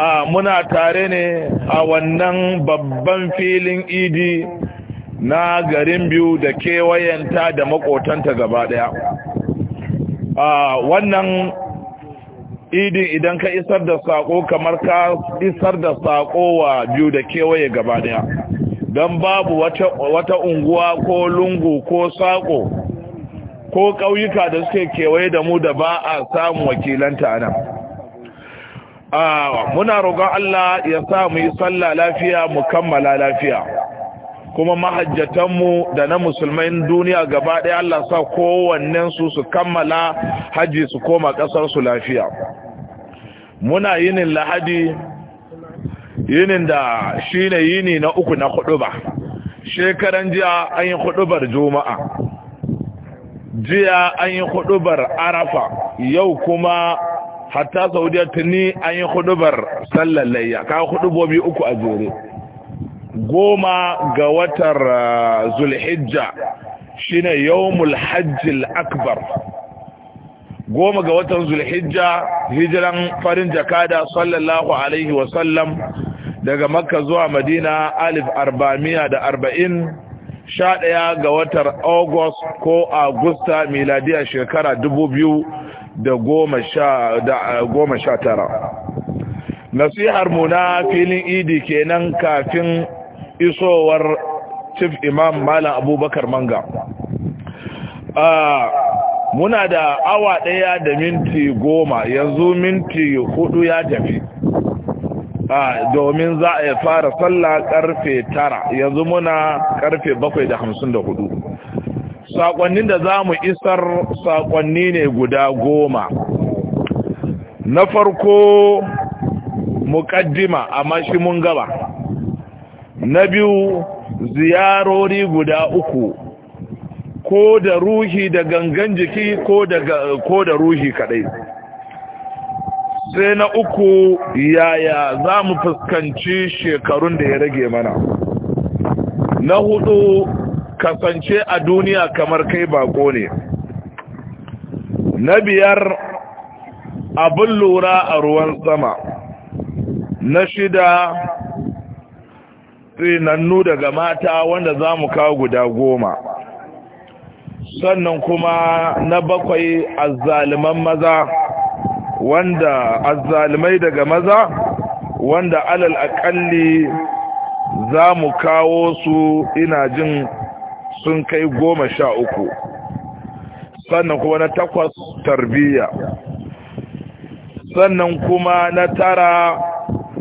a muna tare ne a wannan babban filin idi na garin biyu da kewayenta da makotanta gaba daya a wannan idin idan ka isar da sako kamar ka isar da sako wa biyu da kewaye gaba daya don babu wata, unguwa ko lungu ko sako ko ƙauyuka da suke kewaye da mu da ba a samun wakilanta nan Awa, ah, muna roƙon Allah ya sa mu yi sallah lafiya mu kammala lafiya kuma mahajjatanmu da na musulmai duniya gaba ɗaya Allah sa kowannen su su kammala haji su koma ƙasarsu su lafiya muna yinin lahadi yinin da shine yini na uku na hudu shekaran jiya an yi hudubar juma'a jiya an yi hudubar arafa yau kuma hatta saudiya tuni an yi hudubar sallar layya ka hudubobi uku a jere goma ga watar uh, zulhijja shine yawmul hajjil akbar goma ga watan zulhijja hijiran farin jakada sallallahu alaihi wasallam daga makka zuwa madina alif arba'amiya da arba'in sha ɗaya ga watar august ko agusta miladiya shekara dubu biyu da goma sha tara nasihar mu na filin idi kenan kafin isowar chief imam malam abubakar manga muna da awa ɗaya da minti goma yanzu minti hudu ya tafi domin za a fara sallah karfe tara yanzu muna karfe bakwai da hamsin da hudu saƙonnin da za mu isar saƙonni ne guda goma na farko muƙaddima amma shi mun gaba na biyu ziyarori guda uku ko da ruhi da gangan jiki ko da ruhi kaɗai. sai na uku yaya za mu fuskanci shekarun da ya rage mana na hudu kasance a duniya kamar kai bako ne na biyar abin lura a ruwan sama na shida tsinannu daga mata wanda za mu kawo guda goma sannan kuma na bakwai azzaliman maza wanda azzalimai daga maza wanda alal akalli za mu kawo su ina jin sun kai goma sha uku sannan kuma na takwas tarbiyya sannan kuma na tara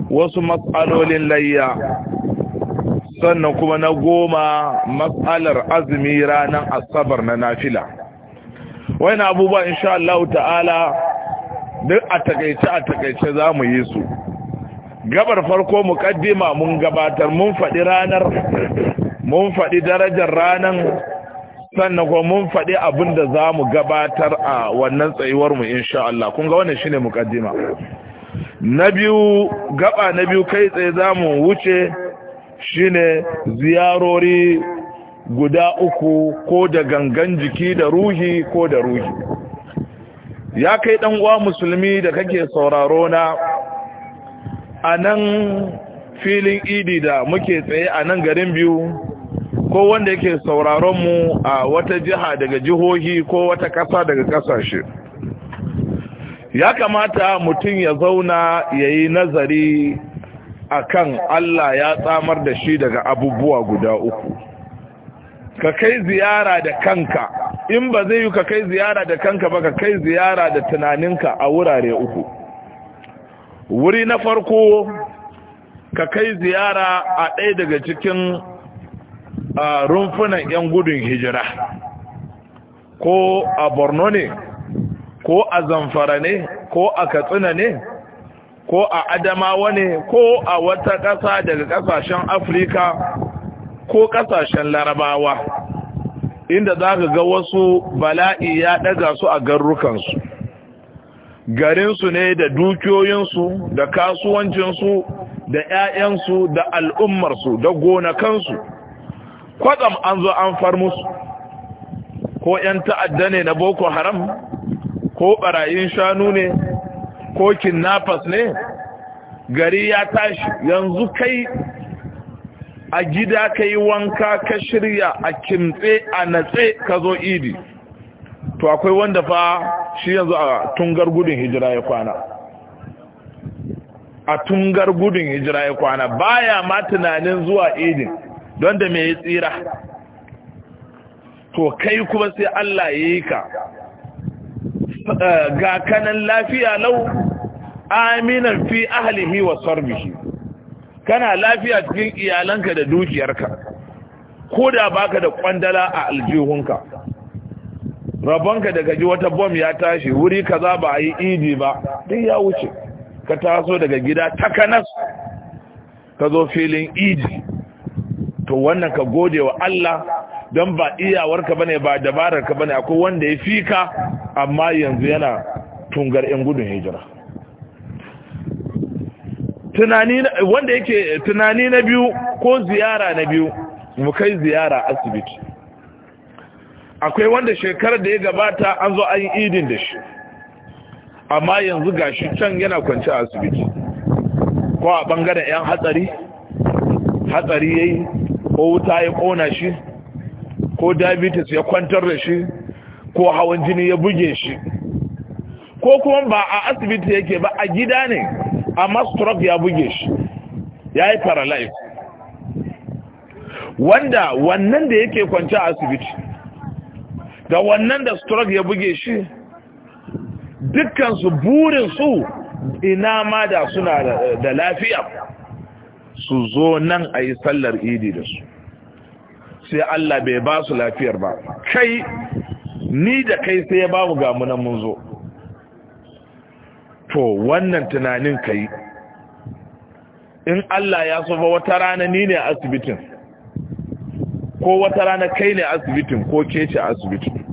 wasu matsalolin layya sannan kuma na goma matsalar azumi ranar asabar na nafila wani abubuwa insha Allah ta'ala duk a takaice a takaice za mu yi su gabar farko kaddima mun gabatar mun faɗi ranar mun faɗi darajar ranan sannan kuma mun faɗi abin da za mu gabatar a wannan tsayuwarmu insha Allah kun ga wannan shi ne muƙaddima na biyu gaba na biyu kai tsaye za mu wuce shi ne ziyarori guda uku ko da gangan jiki da ruhi ko da ruhi ya kai ɗan uwa musulmi da kake sauraro na a nan filin idi da muke tsaye a nan garin biyu ko wanda yake sauraron mu a wata jiha daga jihohi ko wata ƙasa daga ƙasashe ya kamata mutum ya zauna ya yi nazari a kan Allah ya tsamar da shi daga abubuwa guda uku ka kai ziyara da kanka in ba zai yi ka kai ziyara da kanka ba ka kai ziyara da tunaninka a wurare uku wuri na farko ka kai ziyara a ɗaya daga cikin A rumfunan 'yan gudun hijira ko a borno ne ko a zamfara ne ko a katsina ne ko a adamawa ne ko a wata ƙasa daga ƙasashen afirka ko ƙasashen larabawa inda za ka ga wasu bala'i ya ɗaga su a garrukansu garinsu ne da dukiyoyinsu da kasuwancinsu da 'ya'yansu da al'ummarsu da gonakansu kwatsam an zo an far musu ko 'yan ta'adda ne na boko haram ko ɓarayin shanu ne ko kinnafas ne gari ya tashi yanzu kai a gida ka yi wanka ka shirya a kimtse a natse ka zo idi to akwai wanda fa shi yanzu a tungar gudun hijira ya kwana a tungar gudun hijira ya kwana baya ma tunanin zuwa idin don da mai tsira to kai kuma sai Allah ya yi ka eh, ga kanan lafiya lau aminan fi ahlihi wa sarbihi kana lafiya cikin iyalanka da dukiyarka ko da baka da kwandala a aljihunka rabonka daga ji wata bom ya tashi wuri kaza ba a yi idi ba duk ya wuce ka taso daga gida takanas ka zo filin idi to wannan ka gode wa Allah don ba iyawarka bane ba dabararka bane akwai wanda ya fi ka amma yanzu yana tungar 'yan gudun hijira wanda yake tunani na biyu ko ziyara na biyu mu kai ziyara asibiti akwai wanda shekarar da ya gabata an zo an idin da shi amma yanzu gashi can yana kwanci a asibiti ko a bangaren 'yan hatsari hatsari ya yi ko wuta ya kona shi ko diabetes ya kwantar da shi ko hawan jini ya buge shi ko kuma ba a asibiti yake ba a gida ne amma stroke ya buge shi ya yi paralyze wanda wannan da yake kwanci a asibiti da wannan da strok ya buge shi burin su ina ma da suna da lafiya su zo nan a yi sallar idi da su sai Allah bai ba su lafiyar ba kai ni da kai sai ya ba mu munan mun zo to wannan tunanin kai in Allah ya so ba wata rana ni ne asibitin ko wata rana kai ne asibitin ko ke ce asibitin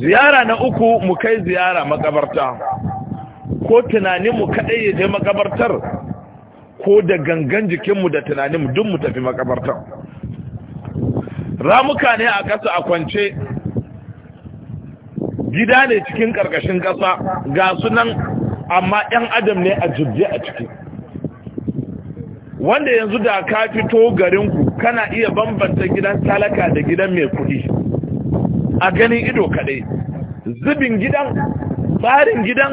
ziyara na uku mu kai ziyara makabarta ko tunanin mu kaɗai ya je makabartar ko da gangan jikinmu da tunaninmu duk mu tafi makabartan ramuka ne a ƙasa a kwance gida ne cikin ƙarƙashin ƙasa ga sunan amma 'yan adam ne a jirje a ciki wanda yanzu da ka fito garinku kana iya bambanta gidan talaka da gidan mai kuɗi a ganin ido kaɗai zubin gidan tsarin gidan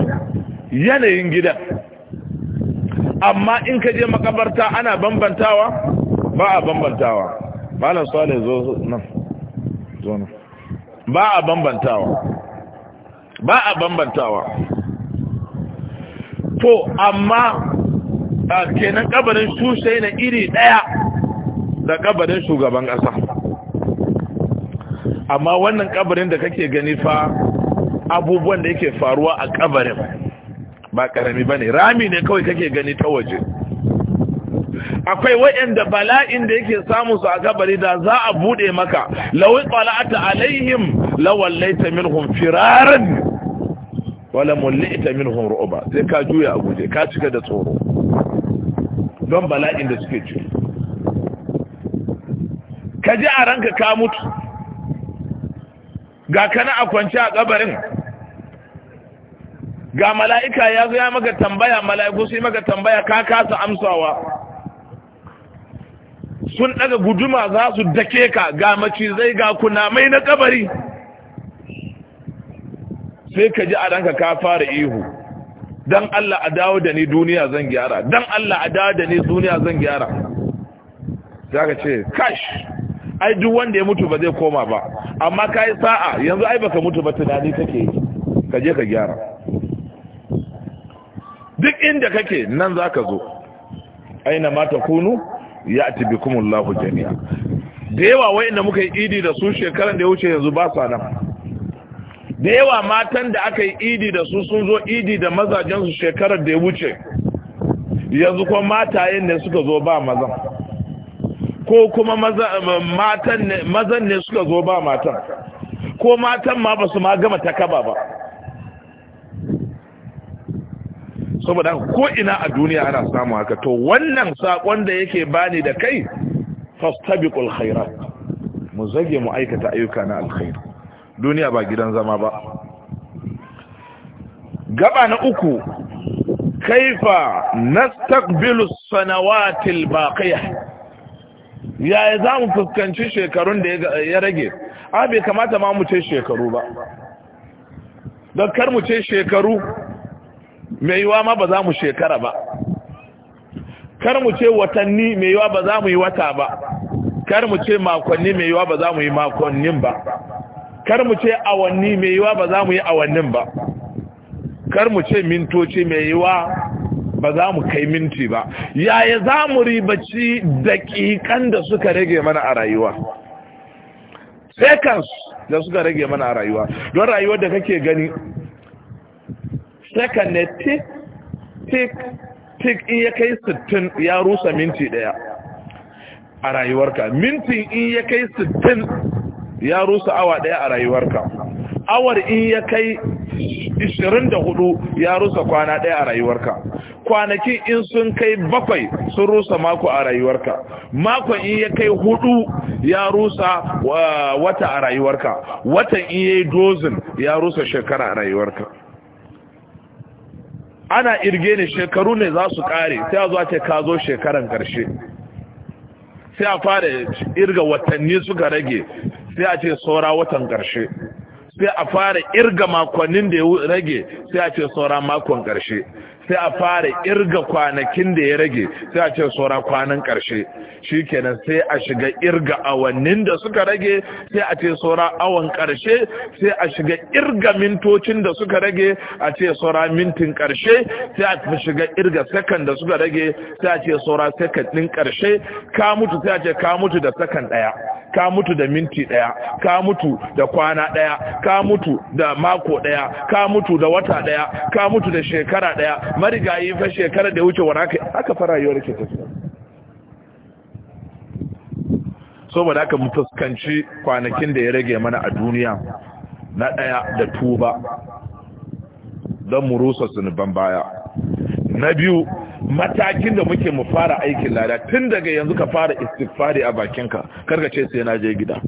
yanayin gidan amma in ka je makabarta ana bambantawa ba a bambantawa malam salih zo nan zo nan ba a bambantawa ba a bambantawa to amma kenan kabarin shusai na iri daya da kabarin shugaban kasa amma wannan kabarin da kake gani fa abubuwan da yake faruwa a kabarin ba karami bane rami ne kawai kake gani ta waje akwai waɗanda bala'in da yake samu su a kabari da za a bude maka lawi tsala'ata alaihim lawallaita minhum firaran wala mulita minhum ru'ba sai ka juya a guje ka cika da tsoro don bala'in da suke ciki ka ji a ranka ka mutu ga kana a kwance a kabarin ga mala'ika ya zo ya maka tambaya mala'iku su yi maka tambaya ka kasa amsawa sun daga guduma za su dake ka ga macizai ga kunamai na kabari sai ka ji a ranka ka fara ihu don Allah a dawo da ni duniya zan gyara don Allah a dawo da ni duniya zan gyara za ka ce kash ai duk wanda ya mutu ba zai koma ba amma ka yi sa'a yanzu ai baka mutu ba tunani take ka je ka gyara inda kake nan za ka zo aina mata kunu ya ati bi lafi jami'a da yawa inda muka yi idi da su shekaran da ya wuce yanzu ba sa nan da yawa matan da aka yi idi da su sun zo idi da mazajensu shekarar da ya wuce yanzu kuma yin ne suka zo ba mazan ko kuma mazan ne suka zo ba matan ko matan ma ba su ma gama takaba ba saboda ko ina a duniya ana samu haka to wannan sakon da yake bani da kai fastabiqul khairat mu zage mu aikata ayyuka na alkhair duniya ba gidan zama ba gaba na uku kaifa nastaqbilu sanawatil baqiyah yaya za fuskanci shekarun da ya rage a bai kamata ma mu ce shekaru ba don mu ce shekaru mai yiwa ma ba za mu shekara ba kar mu ce watanni mai yiwa ba za mu yi wata ba kar mu ce makonni mai yiwa ba za mu yi makonnin ba kar mu ce awanni mai yiwa ba za mu yi awannin ba kar mu ce mintoci mai yiwa ba za mu kai minti ba yaya za mu ribaci daƙiƙan da suka rage mana a rayuwa seconds da suka rage mana a rayuwa don rayuwar da kake gani saka ne tik tik tik in ya kai sittin ya rusa minti daya a rayuwarka mintin in ya kai sittin ya rusa awa daya a rayuwarka awar in ya kai 24 ya rusa kwana daya a rayuwarka kwanaki in sun kai bakwai sun rusa mako a rayuwarka mako in ya kai hudu ya rusa wata a rayuwarka watan in ya yi dozin ya rusa shekara a rayuwarka ana irge ne shekaru ne za su kare sai a zuwa ce ka zo shekaran karshe sai a fara irga watanni suka rage sai a ce saura watan karshe sai a fara irga makonnin da ya rage sai a ce saura makon ƙarshe sai a fara irga kwanakin da ya rage sai a ce saura kwanan ƙarshe shikenan sai a shiga irga awannin da suka rage sai a ce saura awon ƙarshe sai a shiga irga mintocin da suka rage a ce saura mintin ƙarshe sai a shiga irga sakan da suka rage sai a ce saura sakan ɗin ƙarshe ka mutu sai a ce ka mutu da sakan ɗaya ka mutu da minti ɗaya ka mutu da kwana ɗaya ka mutu da mako ɗaya ka mutu da wata ɗaya ka mutu da shekara ɗaya marigayi fa shekara da wuce wani aka fara yiwuwar ke tafiya saboda aka mu fuskanci kwanakin da ya rage mana a duniya na ɗaya da tuba don mu rusa sunuban baya na biyu matakin da muke mu fara aikin lada tun daga yanzu ka fara istighfari a bakinka karka ce sai na je gida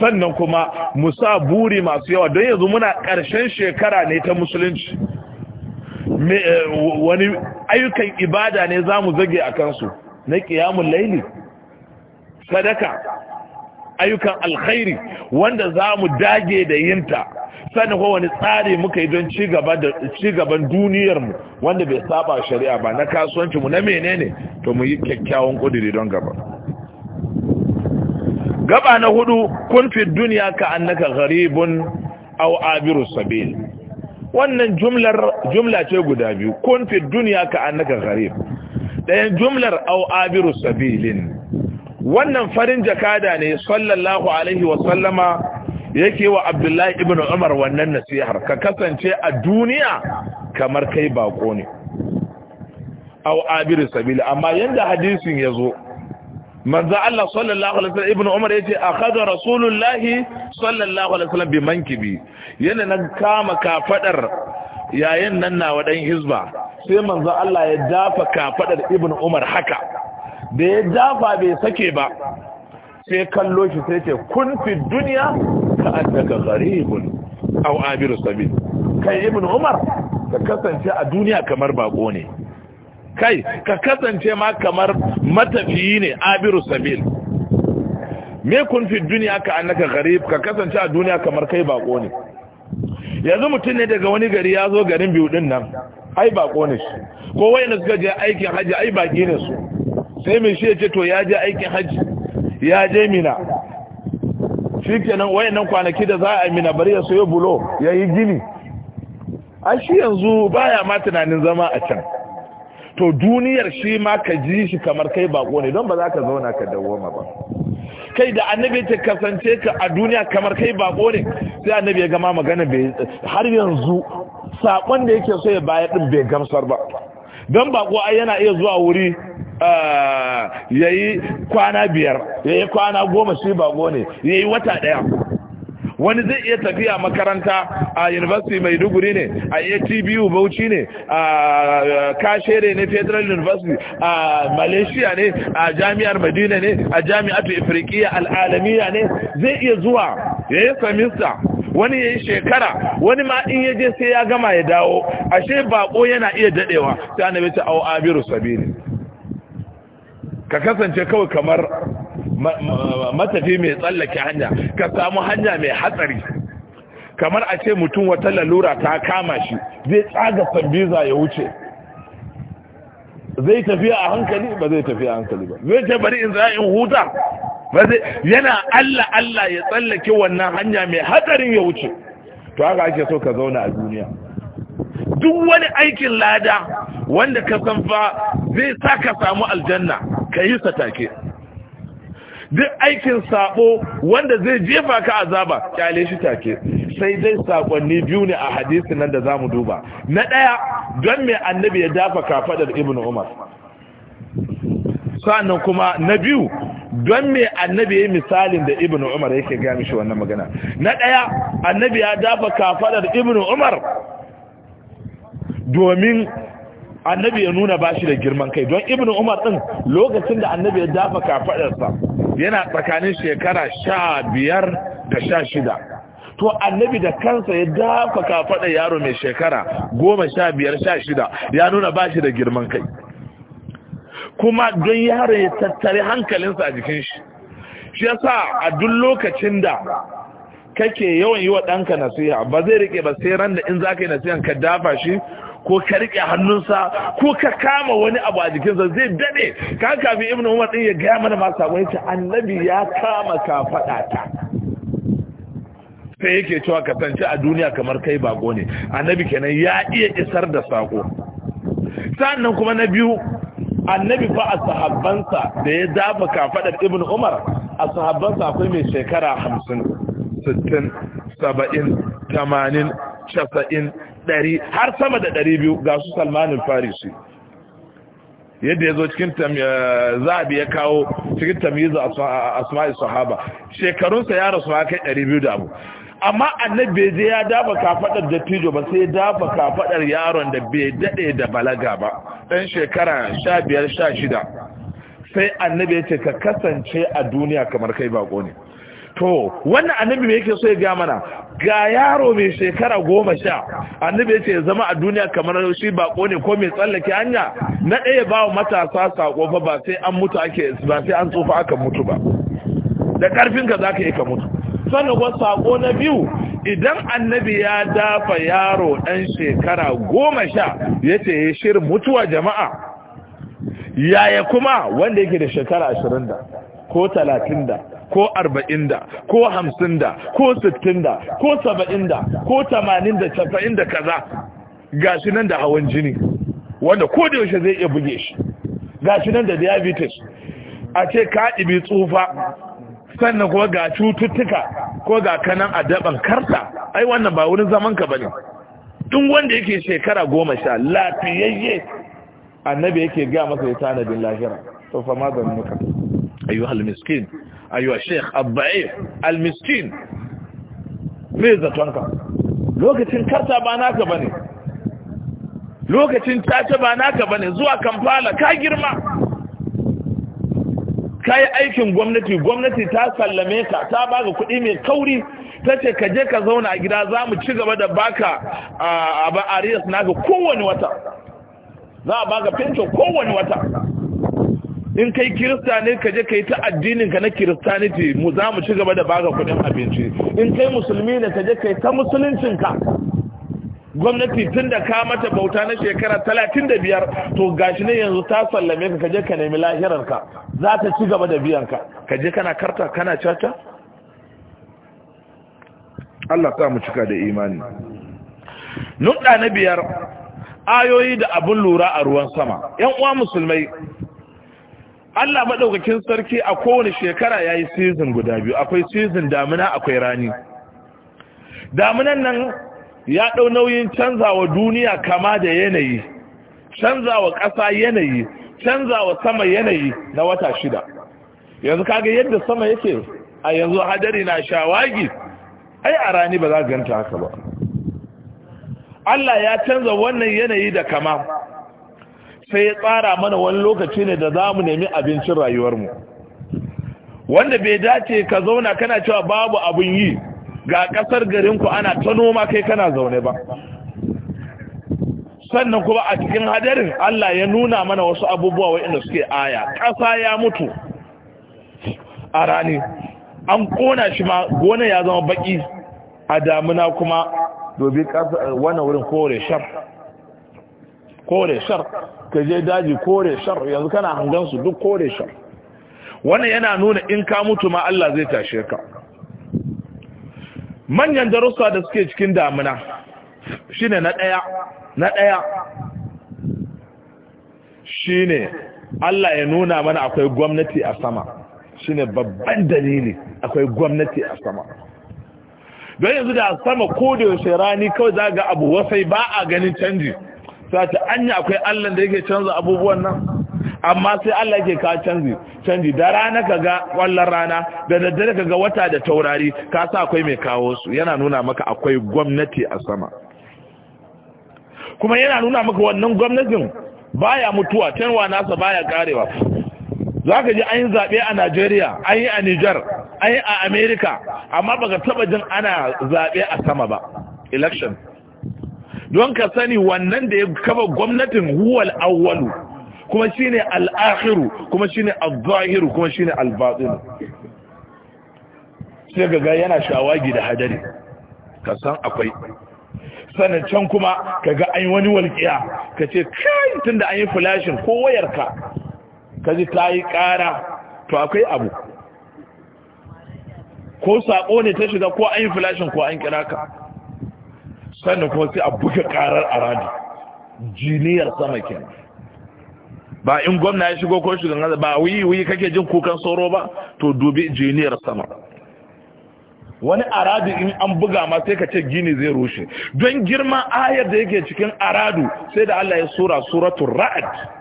sannan kuma mu sa buri masu yawa don yanzu muna ƙarshen shekara ne ta musulunci eh, wani ayyukan ibada ne zamu mu zage a kansu na ƙiyamun laili sadaka ayyukan alkhairi wanda za mu dage da yinta sani ko wani tsari muka yi don ci cigaban duniyarmu wanda bai saba shari'a ba na kasuwanci kasuwancinmu na menene to mu yi kyakkyawan kudiri don gaba gaba na hudu kun fi duniya ka annaka gharibun au abiru sabil wannan jumla ce guda biyu kun fi duniya ka annaka garib dayan jumlar au abiru sabilin wannan farin jakada ne sallallahu alaihi wasallama yake wa abdullahi ibn umar wannan nasihar ka kasance a duniya kamar kai bako ne au abir sabili amma yanda hadisin ya zo manzo Allah sallallahu alaihi wasallam Ibn umar yace akhadha rasulullahi sallallahu alaihi wasallam bi mankibi yana nan kama kafadar yayin nan na wadan hizba sai manzo Allah ya dafa kafadar Ibn umar haka da ya jafa bai sake ba sai kallo shi sai ce kun fi duniya ka annaka gharibun aw abiru sabil kai ibn umar ka kasance a duniya kamar bako ne kai ka kasance ma kamar matafiyi ne abiru sabil me kun fi duniya ka annaka gharib ka kasance a duniya kamar kai bako ne yanzu mutum ne daga wani gari ya zo garin biyu din nan ai bako ne shi ko wayanda suka je aikin haji ai baki ne su sai mai shi ya ce to ya je aikin hajji ya je mina shi kenan nan kwanaki da za a yi mina bari ya soyo bulo ya yi gini a shi yanzu baya ma tunanin zama a can to duniyar shi ma ka ji shi kamar kai bako ne don ba za ka zauna ka dawoma ba kai da annabi ta kasance ka a duniya kamar kai bako ne sai annabi ya gama magana bai har yanzu sakon da yake so ya baya din bai gamsar ba don bako ai yana iya zuwa wuri Eh, ya yi kwana biyar ya yi kwana goma shi bago ne ya yi wata ɗaya wani zai iya tafiya makaranta a university mai duguri ne a atbu bauchi ne a eh, kashere ne federal university a malaysia ne a jami'ar madina ne a jami'atu afirkiya al'alamiya ne zai iya zuwa ya yi samista wani ya yi shekara wani ma in ya je sai ya gama ya dawo ashe bako yana iya dadewa sai annabi ta au abiru sabili ka kasance kawai kamar matafi mai tsallake hanya ka samu hanya mai hatsari kamar a ce mutum wata lalura ta kama shi zai tsaga sambiza ya wuce zai tafiya a hankali ba zai tafiya a hankali ba zai ce bari in za'in huta yana Allah Allah ya tsallake wannan hanya mai hatsarin ya wuce to haka ake so ka zauna a duniya duk wani aikin lada wanda ka san fa zai sa ka samu aljanna ka yi sa take duk aikin sabo wanda zai jefa ka azaba kyale shi take sai dai sakonni biyu ne a hadisi nan da zamu duba na daya don me annabi ya dafa kafadar ibnu umar sannan kuma na biyu don me annabi ya yi misalin da ibnu umar yake ga shi wannan magana na ɗaya annabi ya dafa kafadar ibnu umar domin annabi ya nuna bashi da girman kai don ibnu umar din lokacin da annabi ya dafa kafadarsa yana tsakanin shekara sha biyar da sha shida to annabi da kansa ya dafa kafadar yaro mai shekara goma sha biyar sha shida ya nuna bashi da girman kai kuma don yaro ya tattare hankalinsa a jikin shi shi yasa a duk lokacin da kake yawan yi wa ɗanka nasiha ba zai rike ba sai ran da in za ka yi nasihan ka dafa shi ko ka riƙe hannunsa ko ka kama wani abu a jikinsa zai daɗe. ka kafin ibn umar din ya gaya mana ma sabon yace annabi ya kama ka faɗa ta sai yake cewa kasance a duniya kamar kai bako ne annabi kenan ya iya isar da sako sannan kuma na biyu annabi fa a sahabbansa da ya dafa kafaɗar ibn umar a sahabbansa akwai mai shekara hamsin sittin saba'in tamanin casa'in dari har sama da ɗari biyu ga su salmanin farisi yadda ya zo cikin zaɓi ya kawo cikin tamizu asma'i sahaba shekarunsa ya rasu kai ɗari biyu da abu amma annabi je ya dafa kafaɗar dattijo ba sai dafa kafaɗar yaron da bai daɗe da balaga ba ɗan shekara sha biyar sha shida sai annabi ya ce ka kasance a duniya kamar kai bako ne to wannan annabi me yake so ya ga mana ga yaro mai shekara goma sha annabi ya ce zama a duniya kamar shi bako ne ko mai tsallake hanya na ɗaya ba wa matasa sako fa ba sai an mutu ake ba sai an tsufa aka mutu ba da karfin ka zaka yi ka mutu sannan kuma sako na biyu idan annabi ya dafa yaro ɗan shekara goma sha ya ce ya shirin mutuwa jama'a yaya kuma wanda yake da shekara ashirin da ko talatin da ko arba'in da ko hamsin da ko sittin da ko saba'in da ko tamanin da casa'in da kaza ga shi nan da hawan jini wanda ko da yaushe zai iya buge shi ga shi nan da diabetes a ce ka ɗibi tsufa sannan kuma ga cututtuka ko ga kanan a daban karta ai wannan ba wurin zaman ka bane duk wanda yake shekara goma sha lafiyayye annabi yake ga masa ya tanadin lahira to fa muka ayyuhal miskin ayyuwa sheikh abba'if almiskin me zatonka lokacin karta ba naka ba ne lokacin tace ba naka ba ne zuwa kamfala ka girma ka yi aikin gwamnati gwamnati ta sallame ka ta baka kuɗi mai kauri ta ce ka je ka zauna a gida za mu ci gaba da baka a arias naka kowane wata za a baka fenco kowane wata in kai kirista ne ka je ka yi ta addinin ka na kiristaniti mu za mu ci gaba da baka kudin abinci in kai musulmi ne ka je ka yi ta musuluncinka gwamnati tun da ka mata bauta na shekara talatin da biyar to gashi ne yanzu ta sallame ka kaje ka nemi lahirarka za ta ci gaba da Ka kaje kana karta kana caca Allah ta mu cika da imani nuɗa na biyar ayoyi da abin lura a ruwan sama yan uwa musulmai Allah maɗaukakin sarki a kowane shekara ya yi season guda biyu akwai season damina akwai rani daminan nan ya ɗau nauyin canzawa duniya kama da yanayi canzawa ƙasa yanayi canzawa sama yanayi na wata shida yanzu kaga yadda sama yake a yanzu hadari na shawagi ai a rani ba za ganta haka ba Allah ya canza wannan yanayi da kama sai ya tsara mana wani lokaci ne da za mu nemi abincin rayuwarmu wanda bai dace ka zauna kana cewa babu abin yi ga kasar garinku ana ta noma kai kana zaune ba sannan kuma a cikin hadarin Allah ya nuna mana wasu abubuwa waɗanda suke aya ƙasa ya mutu a rani an ƙona shi ma gona ya zama baƙi a damuna kuma dobi ƙasa wani wurin kore shaf kore shar ka je daji kore shar yanzu kana hangan su duk kore shar wannan yana nuna in ka mutu ma Allah zai tashe ka manyan darussa da suke cikin damina shine na daya na daya shine Allah ya nuna mana akwai gwamnati a sama shine babban dalili akwai gwamnati a sama don yanzu da sama ko da yaushe rani kawai za ga abu wasai ba a ganin canji sai ta anya akwai Allah da yake canza abubuwan nan amma sai Allah yake ka canza. canji da rana kaga wallan rana da daddare kaga wata da taurari ka sa akwai mai kawo su yana nuna maka akwai gwamnati a sama kuma yana nuna maka wannan gwamnatin baya mutuwa canwa nasa baya karewa zaka ji an zabe a Najeriya an yi a Niger an yi a America amma baka taba jin ana zabe a sama ba election don ka sani wannan da ya kafa gwamnatin huwal awwalu kuma shine al-akhiru kuma shine al-zahiru kuma shine al-batin sai ga yana shawagi da hadari ka san akwai sannan can kuma kaga ga an wani walƙiya ka ce kai tun an yi flashin ko wayarka ka ji ta yi ƙara to akwai abu ko saƙo ne ta shiga ko an yi flashin ko an kira ka sannan kuma sai a buga karar aradi jiniyar sama kenan ba in gwamna ya shigo ko shugaban ba wuyi wuyi kake jin kukan sauro ba to dubi jiniyar sama wani aradu in an buga ma sai ka ce gini zai rushe don girman ayar da yake cikin aradu sai da Allah ya sura suratul ra'ad.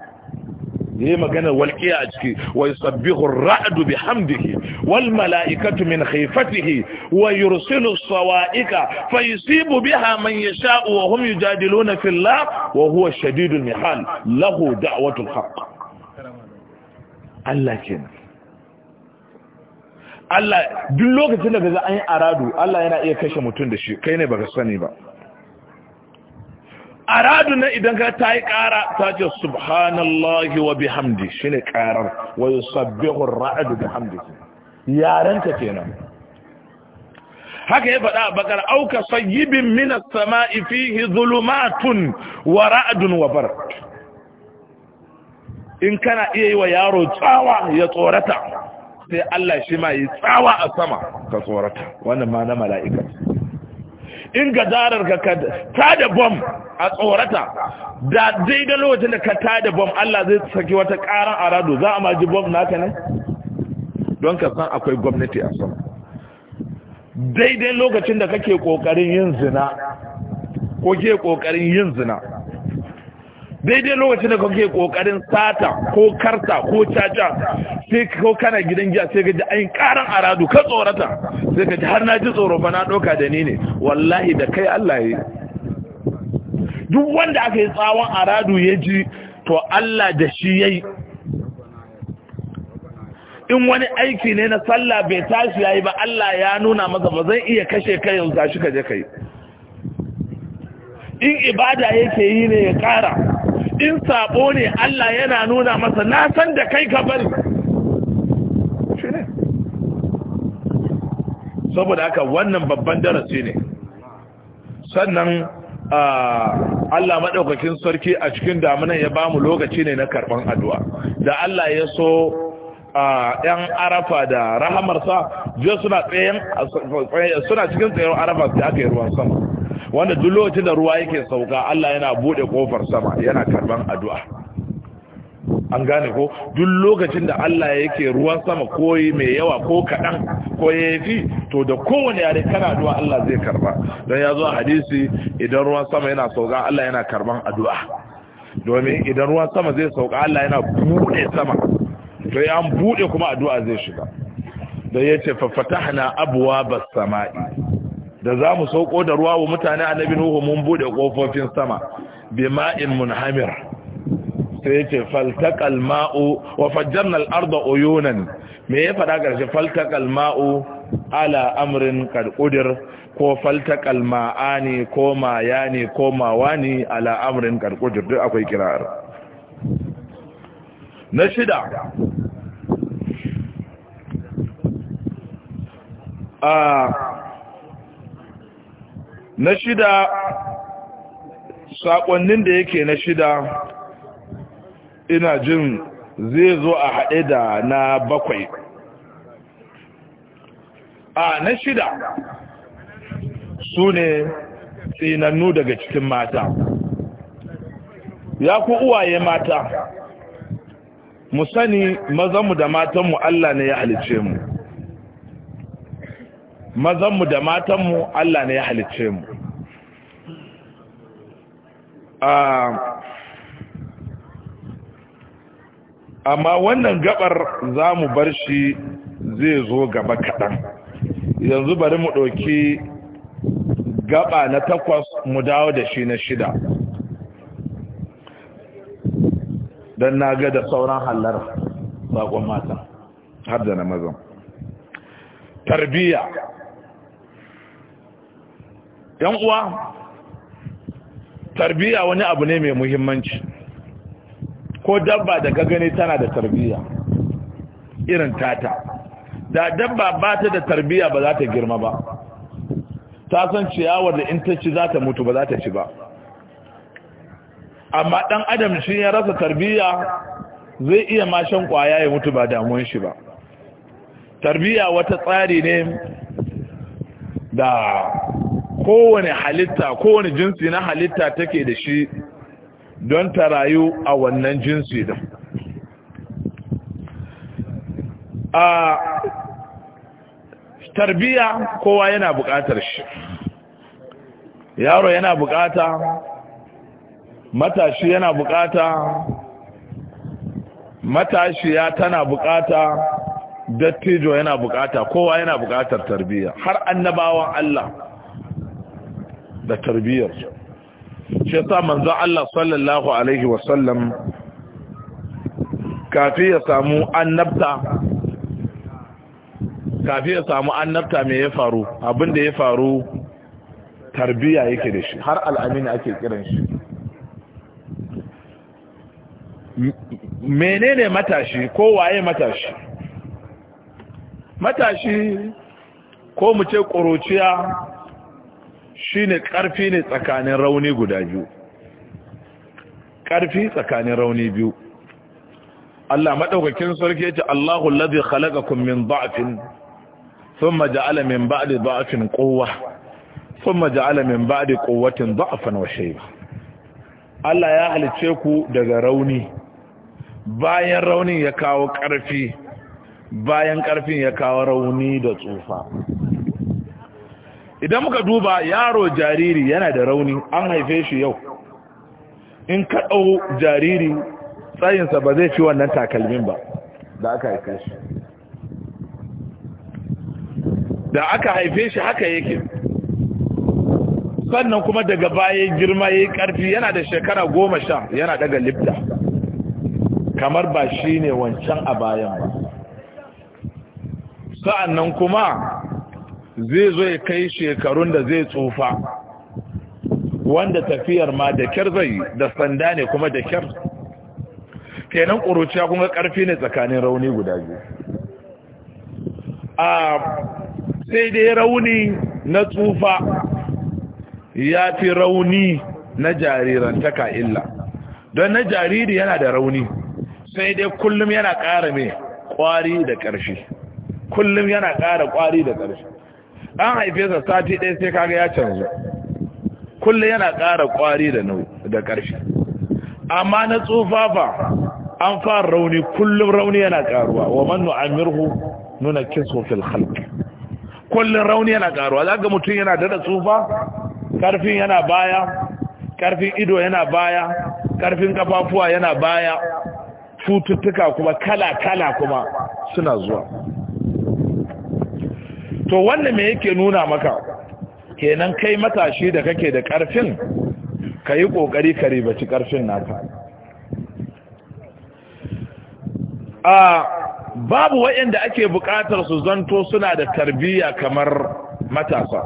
da yi maganar walƙiya a ciki wai sabbihun ra'adu bi hamdihi wal mala'ikatu min haifatihi wa yursilu sawa'ika fa bi biha man yasha'u wa hum yujadiluna fillah wa huwa shadidu mihal lahu da'watul haqq Allah ke Allah duk lokacin da kaza an yi aradu Allah yana iya kashe mutum da shi kai ne baka sani ba aradu na idan ka ta yi ƙara ta ce subhanallahi wa bihamdi shi ne ƙarar wa yi sabbihun ra'adu bihamdi yarenka kenan haka ya faɗa a bakar auka sayyibin minas sama'i fihi zulumatun wa ra'adun wa bar in kana iya yi wa yaro tsawa ya tsorata sai Allah shi ma yi tsawa a sama ka tsorata wannan ma na mala'ikata in ga zarar ka ka tada bom a tsorata da daidai lokacin da ka tada bom Allah zai saki wata karan arado za a maji bom naka ne don ka san akwai gwamnati a sama daidai lokacin da kake kokarin yin zina ko ke kokarin yin zina daidai lokacin da kake kokarin sata ko karta ko caca sai ko kana gidan giya sai gaji ayin karan aradu ka tsorata sai gaji har na ji tsoro ba na doka da ni ne wallahi da kai Allah ya duk wanda aka yi tsawon aradu ya ji to Allah da shi ya yi. in wani aiki ne na sallah bai tashi yi ba Allah ya nuna masa ba zan iya kashe kai yanzu shi ka je kai in ibada yake yi ne ya kara in sabo ne Allah yana nuna masa na san da kai ka bari saboda haka wannan babban darasi ne sannan Allah maɗaukakin sarki a cikin damunan ya bamu lokaci ne na karɓar addu'a da Allah ya so ‘yan arafa da rahamarsa jiya suna cikin tsayin arafa sai aka yi ruwan sama wanda duk lokacin da ruwa yake sauka Allah yana bude kofar sama yana karban addu'a an gane ko duk lokacin da Allah yake ruwan sama koyi mai yawa ko kaɗan ko yafi to da kowane yare kana addu'a Allah zai karba don ya zo a hadisi idan ruwan sama yana sauka Allah yana karban addu'a domin idan ruwan sama zai sauka Allah yana bude sama to ya bude kuma addu'a zai shiga da yace fa fatahna abwaabas samaa'i da za mu sauko da ruwa wa mutane annabi nuhu mun bude kofofin sama bima'in munhamir sai ce faltaqal ma'u wa fajjarna al-arda uyunan me ya fada garshe faltaqal ma'u ala amrin qad qudir ko faltaqal ma'ani ko mayani ko mawani ala amrin qad qudir duk akwai kira'ar na shida a na shida saƙonnin da yake na shida ina jin zai zo a haɗe da na bakwai a na shida su ne tsinannu daga cikin mata ya ku uwaye mata mu sani mazanmu da matanmu Allah ne ya halice mu mazanmu da matanmu Allah ne ya halicce mu ah, amma wannan gabar za mu bar shi zai zo gaba kaɗan yanzu bari mu ɗauki gaba na takwas mu dawo da shi na shida don na ga da sauran hallar saƙon mata har da na mazan tarbiyya yan uwa tarbiya wani abu ne mai muhimmanci ko dabba da gagane tana da tarbiya irin tata da dabba ba ta da tarbiya ba za ta girma ba ta san ciyawar da in ta ci za ta mutu ba za ta ci ba amma dan adam shi ya rasa tarbiya zai iya mashan kwaya ya mutu ba damuwan shi ba tarbiya wata tsari ne da kowane halitta kowane jinsi na halitta take da shi don ta rayu a wannan jinsi da a tarbiya kowa yana buƙatar shi yaro yana buƙata matashi yana buƙata matashiya tana buƙata dattijo yana buƙata kowa yana buƙatar tarbiya har annabawan Allah da tarbiyyar shi ta manzo Allah sallallahu alaihi wasallam kafi ya samu annabta kafi ya samu annabta me ya faru abinda ya faru tarbiya yake da shi har al'amini ake kiran shi menene matashi ko waye matashi matashi ko mu ce ƙuruciya Shi ne ƙarfi ne tsakanin rauni guda biyu Ƙarfi tsakanin rauni biyu Allah maɗaukakin sarki yace Allahu allazi khalaqakum min ba'afin, sun ja'ala min ba'adi ba'afin ƙowa, sun ja'ala min ba'adi ƙowatin ba'afin washe ba Allah ya halice ku daga rauni bayan raunin ya kawo ƙarfi, bayan ƙarfin ya kawo rauni da tsufa idan muka duba yaro jariri yana da rauni an haife shi yau in ka jariri tsayinsa ba zai fi wannan takalmin ba da aka haife shi da aka haife shi haka yake sannan kuma daga baya girma ya yi yana da shekara goma sha yana daga lifta kamar ba shi ne wancan a bayan ba sa'annan kuma zai zo ya kai shekarun da zai tsufa wanda tafiyar ma da kyar zai da sanda ne kuma da kyar kenan ƙuruciya kuma ƙarfi ne tsakanin rauni guda biyu a sai dai rauni na tsufa ya fi rauni na jarirantaka illa don na jariri yana da rauni sai dai kullum yana ƙara mai ƙwari da ƙarfi kullum yana ƙara ƙwari da ƙarfi an haife sa sati ɗaya sai kaga ya canzu kullum yana ƙara ƙwari da da ƙarfi amma na tsufa ba an fara rauni kullum rauni yana ƙaruwa wa man amirhu nuna kisu fil kullum rauni yana ƙaruwa zaka mutum yana da tsufa ƙarfin yana baya ƙarfin ido yana baya ƙarfin kafafuwa yana baya cututtuka kuma kala kala kuma suna zuwa to wannan me yake nuna maka kenan kai matashi da kake da karfin ka yi kokari ka ribaci karfin naka a babu waɗanda ake buƙatar su zanto suna da tarbiyya kamar matasa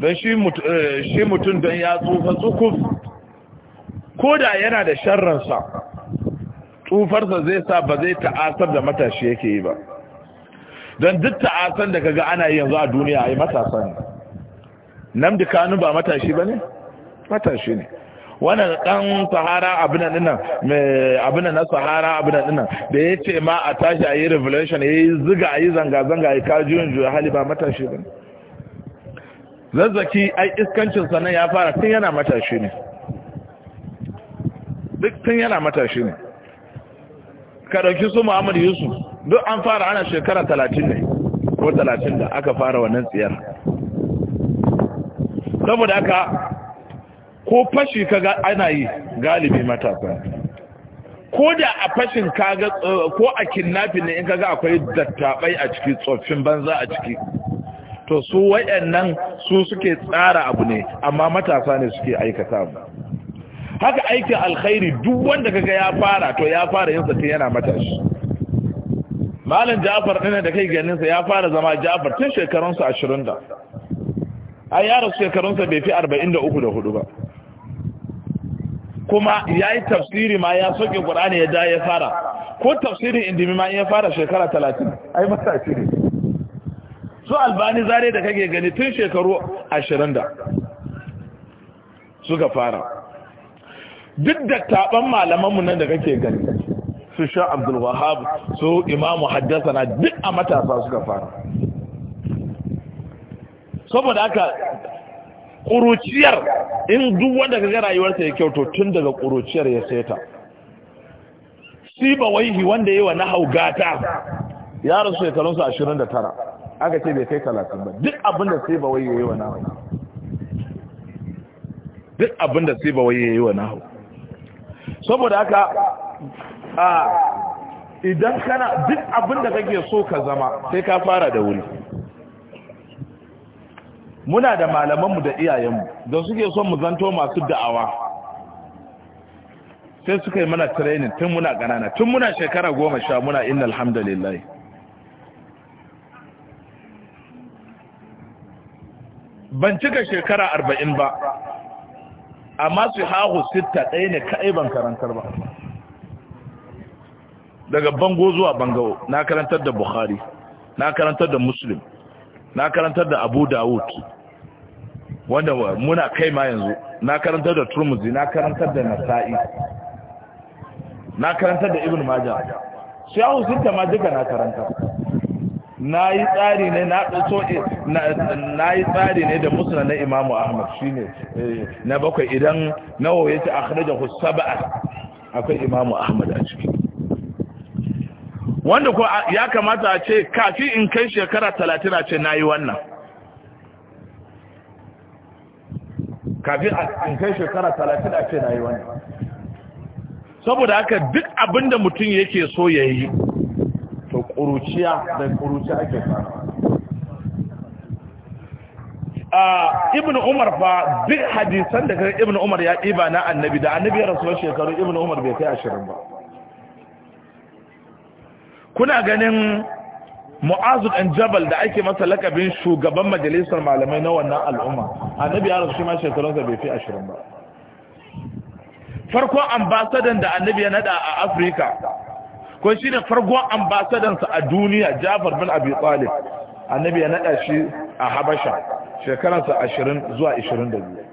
don eh, shi mutum don ya tsufa tsukuf ko da yana da sharransa tsufarsa zai sa ba zai ta'asar da matashi yake yi ba don duk ta'asan da kaga ana yi yanzu a duniya yi matasa ne namdi kanu ba matashi ba ne? matashi ne wannan dan sahara abin nan mai abin na sahara abin nan da ya ce ma a tashi a yi revolution yi ziga a yi zanga zanga ayi kajin juya hali ba matashi ne zazzaki ai iskancin sannan ya fara tun yana matashi ne duk tun yana matashi ne ka ɗauki su Muhammad Yusuf duk an fara ana shekara talatin ne ko talatin da aka fara wannan tsiyar saboda aka ko fashi ka ga ana yi galibi matasa ko da a fashin kaga ko a kinnafin ne in kaga akwai dattabai a ciki tsoffin banza a ciki to su wayannan su suke tsara abu ne amma matasa ne suke aikata abu haka aikin alkhairi duk wanda kaga ya fara to ya fara yin sa yana matashi malin ja'far ɗin da kai ganinsa ya fara zama ja'far tun shekarunsa ashirin da a yara shekarunsa bai fi arba'in da uku da hudu ba kuma ya yi tafsiri ma ya soke ƙur'ani ya da ya fara ko tafsirin indimi ma ya fara shekara talatin ai matashi ne su albani zare da kake gani tun shekaru ashirin da suka fara duk da taɓan malamanmu nan da kake gani su sha abdul wahab su imamu na duk a matasa suka fara saboda haka ƙuruciyar in duk wanda ka ga rayuwarsa ya kyauto tun daga ƙuruciyar ya seta siba waihi wanda yi wa na haugata ya rasu da 29 aka ce bai kai 30 ba duk abinda siba waihi ya yi wa na hau duk abinda siba waihi ya yi wa na hau saboda aka a idan kana duk abin da kake so ka zama sai ka fara da wuri muna da malamanmu da iyayenmu da suke son mu zanto masu da'awa sai suka yi mana training tun muna ƙanana tun muna shekara goma sha muna inna alhamdulillah ban cika shekara arba'in ba amma su hahu sitta ɗaya ne kaɗai ban karantar ba daga bango zuwa bango na karantar da bukhari na karantar da muslim na karantar da abu dawud wanda muna kai ma yanzu na karantar da turmuzi na karantar da nasa'i na karantar da ibn majah shahu sinta ma duka na karantar na yi tsari ne na so na yi tsari ne da musulman na imamu ahmad shine eh, na bakwai idan nawo yace akhrajahu sab'a akwai imamu ahmad a ciki wanda ko ya kamata a ce kafin in kai shekara talatin a ce na yi wannan in kai shekara talatin a ce na yi wannan saboda haka duk abinda mutum yake so ya yi to ƙuruciya da ƙuruciya ake sa ibn umar fa duk hadisan da ibn umar ya ɗiba na annabi da annabi ya rasu shekaru ibn umar bai kai ashirin ba kuna ganin mu'azu dan jabal da ake masa lakabin shugaban majalisar malamai na wannan al'umma annabi ya rasu shi ma shekarunsa bai fi ashirin ba farkon ambasadan da annabi ya nada a afirka ko shi ne farkon ambasadansa a duniya jafar bin abi talib annabi ya nada shi a habasha shekararsa ashirin zuwa ashirin da biyu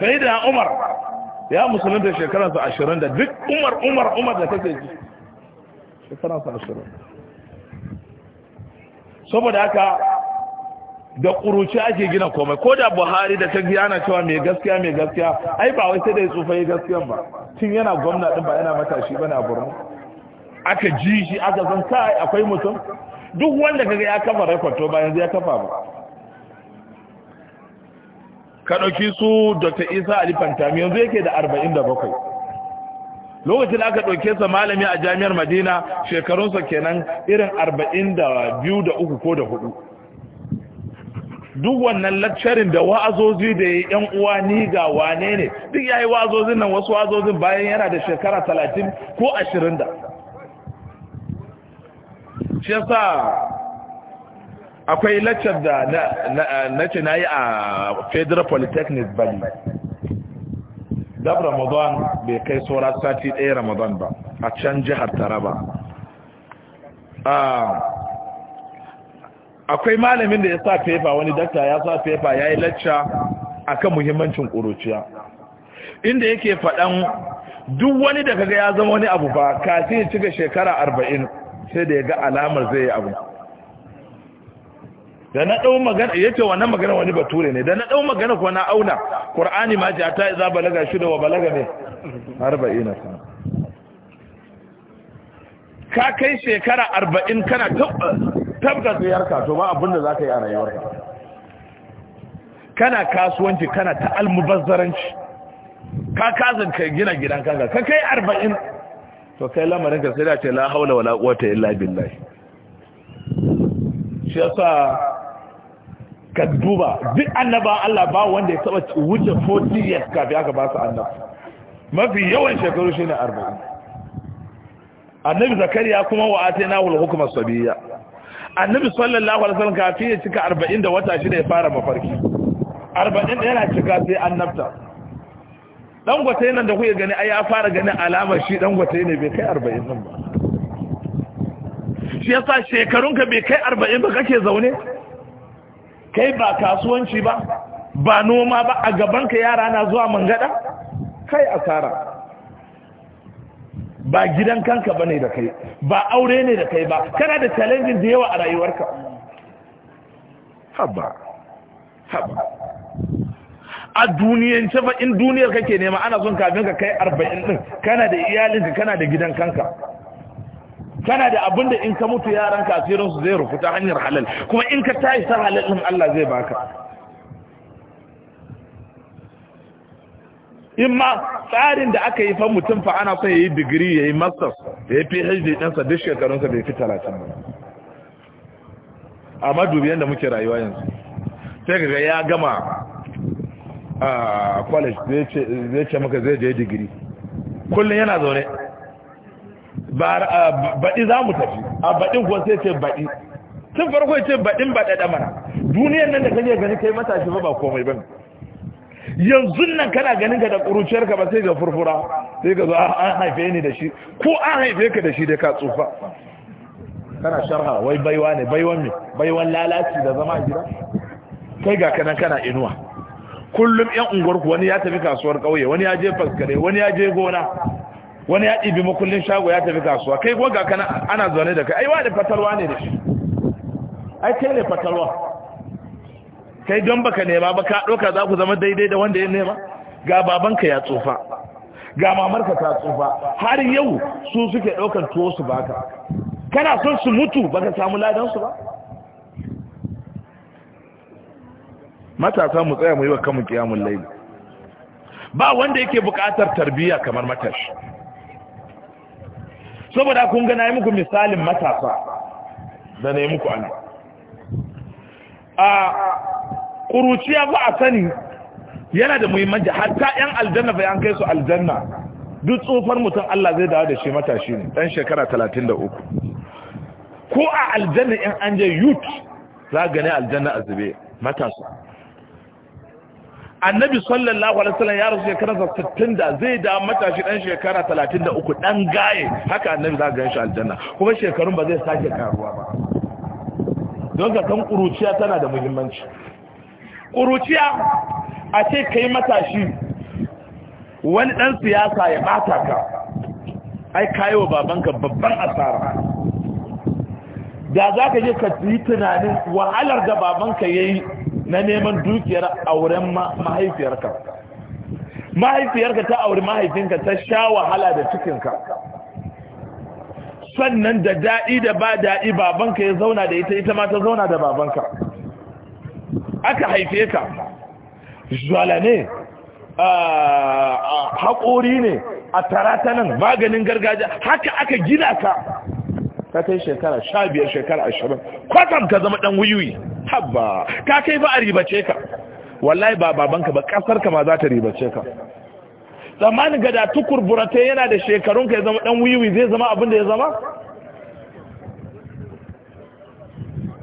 sai da umar ya musulunta shekararsa ashirin da duk umar umar umar da kake ji shekara sa ashirin saboda haka da ƙuruci ake gina komai ko da buhari da ta ana cewa mai gaskiya mai gaskiya ai ba wai sai da ya tsufa yi gaskiyan ba tun yana gwamna ɗin ba yana matashi ba na borno aka ji shi aka san kai akwai mutum duk wanda kaga ya kafa rekwato ba yanzu ya kafa ba ka ɗauki su dr isa fantami yanzu yake da arba'in da bakwai lokacin da aka ɗauke sa malami a jami'ar madina shekarunsa kenan irin arba'in da biyu da uku ko da hudu duk wannan lakcarin da wa'azozi da ya yan uwa ni ga wane ne duk ya yi wa'azozin nan wasu wa'azozin bayan yana da shekara talatin ko ashirin da shi akwai laccar da na ce na yi a federal polytechnic bali dab ramadan bai kai saura sati ɗaya ramadan ba a can jihar taraba ah, akwai malamin da ya sa fefa wani dakta ya sa fefa ya yi lacca a kan muhimmancin ƙuruciya inda yake faɗan duk wani da kaga ya zama wani abu ba kafin ya cika shekara arba'in sai da ya ga alamar zai yi abu da na dau magana yace wannan magana wani bature ne da na dau magana ko na auna qur'ani ma ja ta iza balaga shida wa balaga ne 40 sana ka kai shekara 40 kana tabbata ziyarka to ba abin da zaka yi a rayuwarka kana kasuwanci kana ta almubazzaranci ka kazan kai gina gidan kanka ka kai 40 to kai lamarin ka sai da ce la haula wala quwata illa billahi shi yasa ka duba duk annaba Allah ba wanda ya taba wuce 40 years kafin aka ba su annaba mafi yawan shekaru shine 40 annabi zakariya kuma wa atayna wal hukma sabiyya annabi sallallahu alaihi wasallam kafi ya cika 40 da wata shida ya fara mafarki 40 yana cika sai annabta dan gwatai nan da kuke gani ai ya fara ganin alamar shi dan gwatai ne bai kai 40 din ba shi yasa shekarunka bai kai 40 ba kake zaune kai ba kasuwanci ba ba noma ba a gabanka yara na zuwa mangada kai asara ba gidan kanka ba ne da kai ba aure ne da kai ba kana da challenging da yawa a rayuwarka haba haba a duniyance ba in duniyar kake nema ana son kafin ka kai arba'in din kana da iyalinka kana da gidan kanka kana da abin da in ka mutu yaran ka su zai rufu ta hanyar halal kuma in ka tayi san halal din Allah zai baka in ma tsarin da aka yi fa mutum fa ana so yayi digiri yayi master yayi PhD din sa duk shekarun sa bai fi 30 ba amma dubi yanda muke rayuwa yanzu sai ga ya gama a ah, college zai ce maka zai je digiri kullum yana zaune baɗi za mu tafi a baɗin kuwa sai ce baɗi tun farko ce baɗin baɗa mana duniyan nan da yi gani kai matashi ba ba komai ba yanzu nan kana ganin ka da ka ba sai ga furfura sai ka zo ah, an haife ni da shi ko an haife ka da shi dai ka tsufa kana sharha wai baiwa ne baiwan me baiwan lalaci da zama gida kai ga kanan kana inuwa kullum yan ku wani ya tafi kasuwar ƙauye wani ya je faskare wani ya je gona wani ya ɗibi makullin shago ya tafi kasuwa kai goga kana ana zaune da kai aiwa da fatalwa ne da shi ai kai ne fatalwa kai don baka nema ba ka ɗauka za ku zama daidai da wanda ya nema ga babanka ya tsufa ga mamarka ta tsufa har yau su suke ɗaukar tuwo su baka kana son su mutu baka samu ladansu ba matasa mu tsaya mu yi wa kamun kiyamun laili ba wanda yake buƙatar tarbiyya kamar matashi saboda kun ga na yi muku misalin matasa da na yi muku ana a ƙuruciya ba sani yana da muhimmanci hatta 'yan aljanna bai an kai su aljanna duk tsofar mutum Allah zai dawo da shi matashi ne ɗan shekara talatin da uku ko a aljanna in an je yut za gane aljanna a zube matasa annabi sallallahu alaihi wasallam ya rasu shekara 60 da zai da matashi dan shekara 33 dan gaye haka annabi za ga shi aljanna kuma shekarun ba zai sake karuwa ba don ka kan kuruciya tana da muhimmanci kuruciya a ce kai matashi wani dan siyasa ya bata ka ai kayo babanka babban asara da za ka je ka yi tunanin wahalar da babanka ya yi na neman dukiyar auren mahaifiyarka mahaifiyarka ta auri mahaifinka ta sha wahala da cikinka sannan da daɗi da ba daɗi babanka ya zauna da ita ita ma ta zauna da babanka aka haife ka zuwala ne haƙori ne a taratanan maganin gargajiya haka aka gina ka ka kai shekara sha biyar shekara ashirin kwatam ka zama ɗan wuyuyi haba ka kai ba a ribace ka wallahi ba babanka ba kasar ka ma za ta ribace ka tsammanin ga da tukur burate yana da shekarun ka ya zama ɗan wuyuyi zai zama abin da ya zama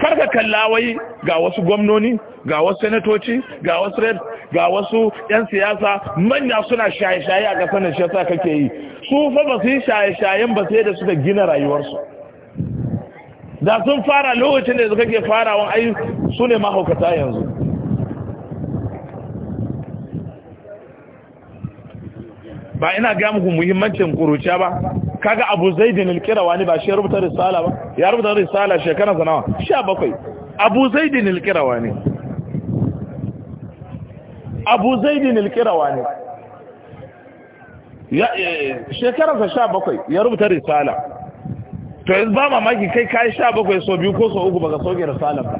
karka kalla wai ga wasu gwamnoni ga wasu senatoci ga wasu red ga wasu 'yan siyasa manya suna shaye-shaye a kasar da shi kake yi su fa ba su yi shaye-shayen ba sai da suka gina rayuwarsu da sun fara lokacin da suka ke farawan ai su ne mahaukata yanzu ba ina gaya muku muhimmancin kuruciya ba kaga abu zaidin alkirawa wani ba shi ya rubuta risala ba ya rubuta risala shekarar sanawa sha bakwai abu zaidin alkirawa wani? abu zaidin wani eh, shekara sa sha bakwai ya rubuta risala to yanzu ba mamaki kai kayi sha bakwai so biyu ko so uku baka soke da ba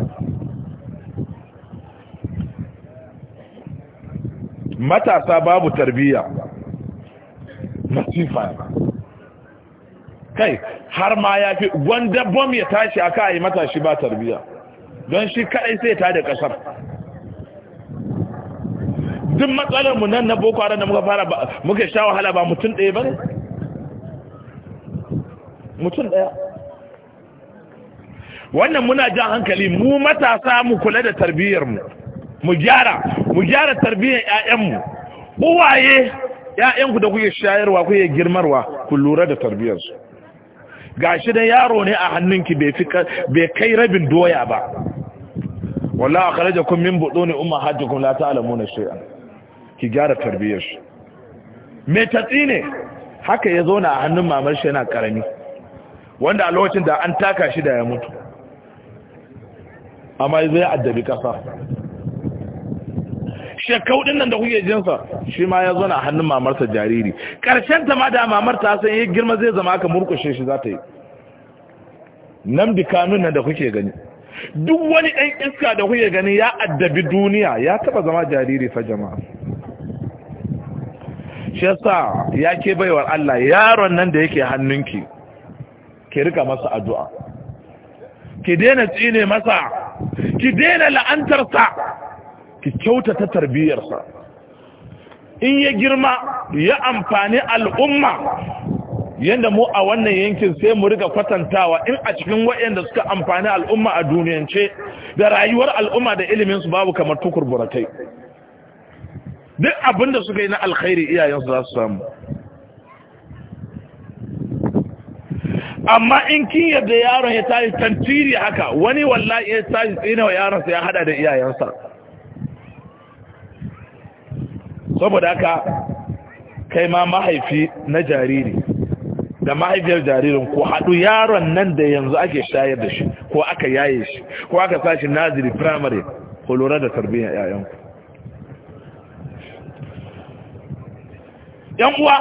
matasa babu tarbiyya masifa kai har ma ya fi wanda bom ya tashi aka yi matashi ba tarbiyya don shi kadai sai ta da kasar duk matsalar mu nan na boko haram da muka fara muka sha wahala ba mutum ɗaya ba ne mutum ɗaya wannan muna jan hankali mu matasa mu kula da tarbiyyarmu mu gyara mu gyara tarbiyyar 'ya'yanmu uwaye 'ya'yanku da kuke shayarwa kuke girmarwa ku lura da tarbiyyarsu ga shi da yaro ne a hannunki bai kai rabin doya ba walla a kare jakun min buɗo ne umar hajjikun lata alamu na ki gyara tarbiyyar shi mai tatsi ne haka ya zo na a hannun mamar shi yana karami wanda a lokacin da an taka shi da ya mutu amma zai addabi kasa shekau din nan da kuke jinsa shi ma ya zana hannun mamarsa jariri karshen ta ma da mamarta san yi girma zai zama aka murkushe shi za ta yi namdi kanun nan da kuke gani duk wani ɗan iska da kuke gani ya addabi duniya ya taba zama jariri fa jama'a shi yasa ya ke baiwar Allah yaron nan da yake hannunki ki rika masa addu'a ki daina tsine masa ki daina la'antarsa ki kyautata tarbiyyarsa in ya girma ya amfani al'umma yadda mu a wannan yankin sai mu rika kwatantawa in a cikin wayanda suka amfani al'umma a duniyance da rayuwar al'umma da ilimin su babu kamar tukur buratai duk abinda suka yi na alkhairi iyayensu za su samu amma in kin yadda yaron ya tashi tantiri haka wani wallahi ya tashi tsina wa yaronsa ya hada da iyayensa saboda haka kai ma mahaifi na jariri da mahaifiyar jaririn ko haɗu yaron nan da yanzu ake shayar da shi ko aka yaye shi ko aka sashi naziri primary ko lura da tarbiyyar yayanku yan uwa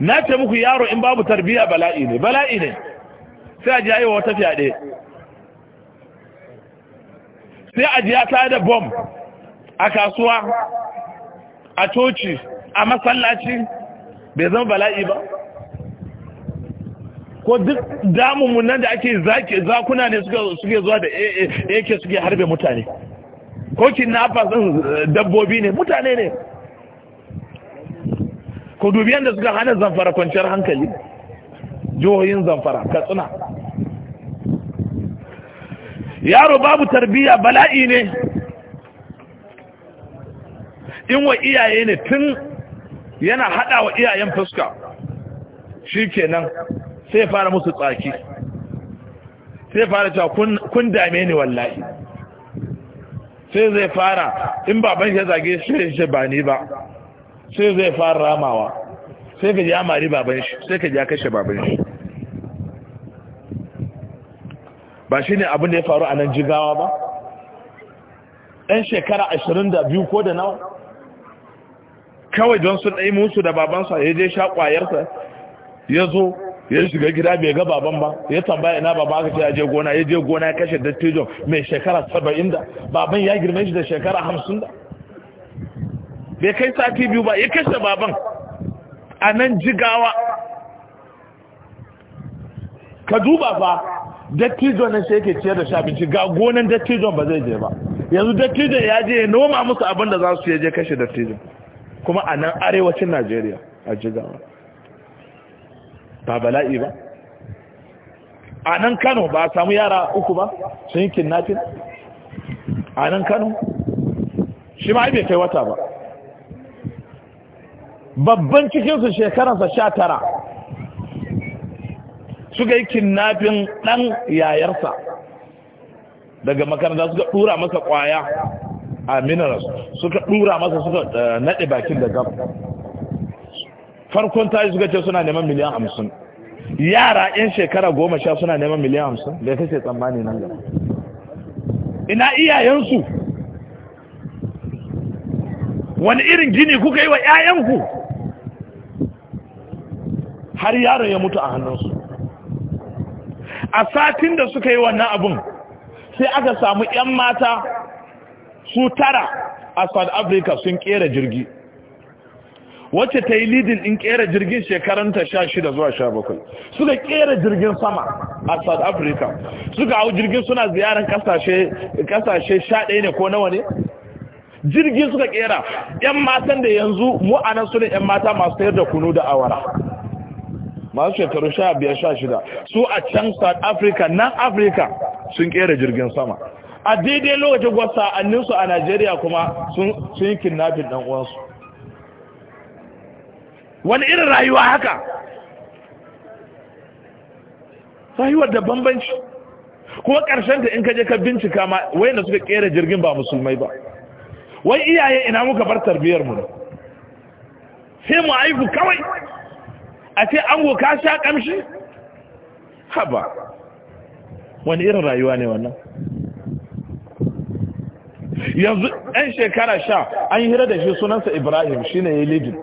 na ce muku yaro in babu tarbiya bala'i ne bala'i ne sai a yi wa wata fyaɗe sai a jiya ta da bom a kasuwa a coci a masallaci bai zama bala'i ba ko duk damunmu nan da ake zakuna ne suke zuwa da ake suke harbe mutane ko kidnappers dabbobi ne mutane ne ku dubi yadda suka hana zamfara kwanciyar hankali jihohin zamfara katsina yaro babu tarbiyya bala'i ne in wa iyaye ne tun yana hada wa iyayen fuska shi kenan sai fara musu tsaki sai fara cewa kun dame ni wallahi sai zai fara in baban ya zage shi shi ba ni ba sai zai fara ramawa sai ka ja mari baban shi sai ka ja kashe baban shi ba shi ne abin da ya faru a nan jigawa ba ɗan shekara ashirin da biyu ko da nawa kawai don sun ɗai musu da babansa ya je sha ƙwayarsa ya zo ya shiga gida bai ga baban ba ya tambaya ina baban aka ce ya je gona ya je gona ya kashe dattijo mai shekara saba'in da baban ya girme shi da shekara hamsin da bai kai sati biyu ba ya kashe baban a nan jigawa ka duba ba dattijon nan shi yake ciyar da shi ga gonan dattijon ba zai je ba yanzu dattijon ya je ya noma musu abin da za su je kashe dattijon kuma a nan arewacin najeriya a jigawa ba bala'i ba a nan kano ba a samu yara uku ba sun yi kinnafin a nan kano shi ma bai kai wata ba babban cikinsu shekararsa sha tara suka yi kinnafin ɗan yayarsa daga makaranta suka ɗura masa ƙwaya a minaras, suka ɗura masa suka eh, naɗe bakin da gab farkon tayi suka ce suna neman miliyan hamsin yara 'yan shekara goma sha suna neman miliyan hamsin da ya kashe tsammani nan gaba ina iyayensu wani irin gini kuka yi wa 'ya'yanku har yaron ya mutu a hannunsu a satin da suka yi wannan abun sai aka samu 'yan mata su tara a south africa sun kera jirgi wacce ta yi lidin in kera jirgin ta sha shida zuwa sha bakwai suka kera jirgin sama a south africa suka hau jirgin suna ziyarar kasashe sha ɗaya ne ko nawa ne jirgi suka kera 'yan matan da yanzu mu'anan su ne 'yan mata masu sayar da kunu da awara masu shekaru sha biyar sha shida su a can south africa nan africa sun kera jirgin sama a daidai lokacin gwasa anninsu a nigeria kuma sun yi kidnapping dan uwansu wani irin rayuwa haka rayuwar da bambanci kuma karshen ta in ka je ka bincika ma wayanda suka kera jirgin ba musulmai ba wai iyaye ina muka bar tarbiyar mu ne. sai mu aiku kawai a ce ango ka sha kamshi haba wani irin rayuwa ne wannan yanzu 'yan shekara sha an yi hira da shi sunansa ibrahim shi ne ya yi lidin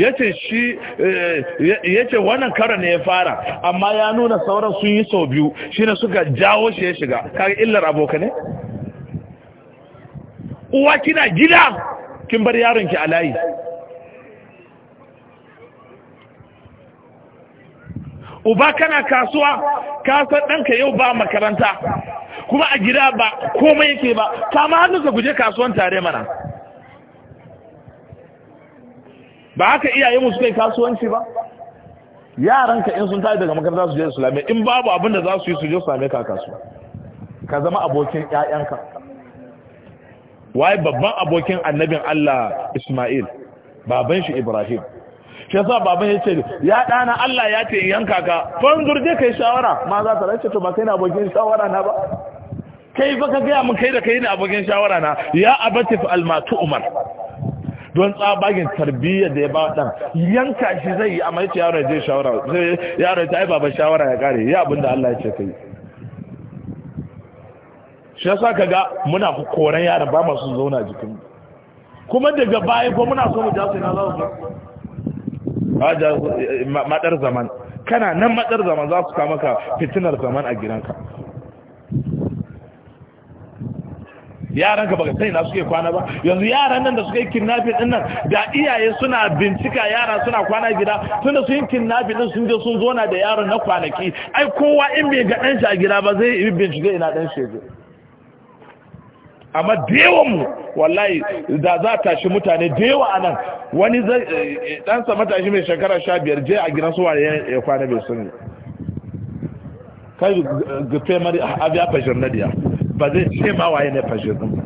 eh, ya ce wannan karo ne ya fara amma ya nuna sauran sun yi sau biyu shi ne suka jawo shi ya shiga kaga illar aboka ne uwa kina gida kin bar ki a layi uba kana kasuwa ka san ɗanka yau ba makaranta kuma a gida ba komai yake ba ta kama hannunsa guje kasuwan tare mana ba haka iyaye mu suka yi kasuwanci ba yaranka in sun tashi daga makaranta su je su lame in babu abin da za su yi su je su lame ka kasuwa ka zama abokin ƴaƴanka Wai babban abokin annabin Allah Ismail baban shi Ibrahim shi yasa baban ya ce ya ɗana Allah ya ce yanka ka fanzur je kai shawara ma za ta race to ba kai na abokin shawara na ba kai ba ka gaya mun kai da kai na abokin shawara na ya abati fa almatu umar don tsabagin tarbiyyar da ya ba dan yanka shi zai yi amma yace yaro zai shawara zai yaro ta baba baban shawara ya kare ya abinda Allah ya ce kai shi yasa kaga muna koran yara ba masu zauna jikin kuma daga baya ko muna so mu ja su na zauna matsar zaman kana nan matsar zaman za su kama ka fitinar zaman a gidanka yaran ka baka sai na suke kwana ba yanzu yaran nan da suka yi kidnapping din nan da iyaye suna bincika yara suna kwana gida tunda sun yi kidnapping din sun je sun zo na da yaron na kwanaki ai kowa in bai ga dan shi a gida ba zai yi bincike ina dan shi amma da mu wallahi da za ta shi mutane dewa a nan wani dan eh, eh, sa matashi mai shekara sha biyar je a gidan suwa ya kwana bai sani kai gufe eh, mari abi ya fashir na diya ba zai ce ma waye ne fashir din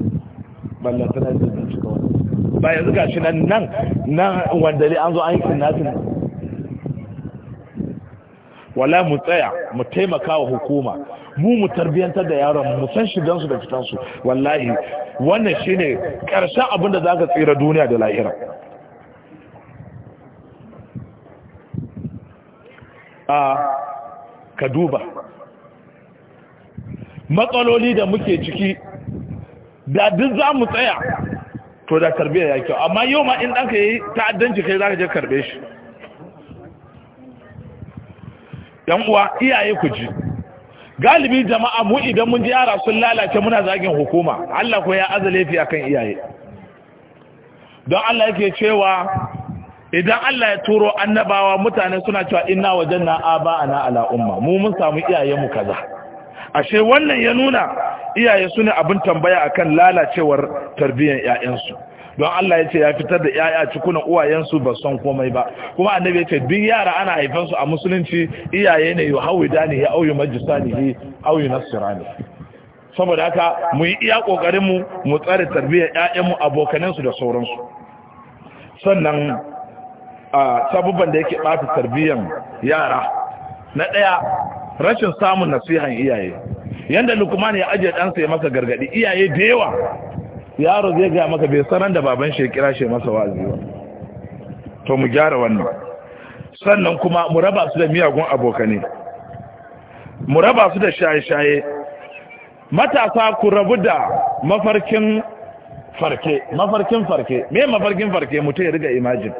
ballan zai zai cika wani ba yanzu ga shi nan nan wandali an zo an yi kidnapping wallahi mu tsaya mu taimaka wa hukuma mu mu tarbiyantar da yaron mu san shigansu da fitansu wallahi wannan shine karshen abin da zaka tsira duniya da lahira a ka duba matsaloli da muke ciki da duk za mu tsaya to da tarbiyya ya kyau amma yau ma in ɗanka yi ta'addanci kai za ka je karbe shi ‘yan uwa iyaye ku ji galibi jama'a mu idan mun ji yara sun lalace muna zagin hukuma Allah ko ya azale fi akan iyaye don Allah yake cewa idan Allah ya turo annabawa mutane suna cewa inna wajanna ana ala umma mu mun samu mu kaza ashe wannan ya nuna iyaye sune abin tambaya akan lalacewar tarbiyyar 'ya'yansu. don Allah ya ce ya fitar da yaya cikunan uwayensu ba son komai ba kuma annabi ya ce duk yara ana haifan su a musulunci iyaye ne hawi ne ya auyu majisani auyu nasirani saboda haka mu yi iya kokarin mu mu tsare tarbiyyar mu abokanan su da sauransu sannan a sabubban da yake bata tarbiyyar yara na ɗaya rashin samun nasihan iyaye yanda lukman ya ajiye ɗansa ya masa gargadi iyaye da yawa yaro zai ga maka bai sanar da baban shi kira shi masa wa'azi ba to mu gyara wannan sannan kuma mu raba su da miyagun abokane mu raba su da shaye-shaye matasa ku rabu da mafarkin farke mafarkin farke me mafarkin farke mutum ya riga imajin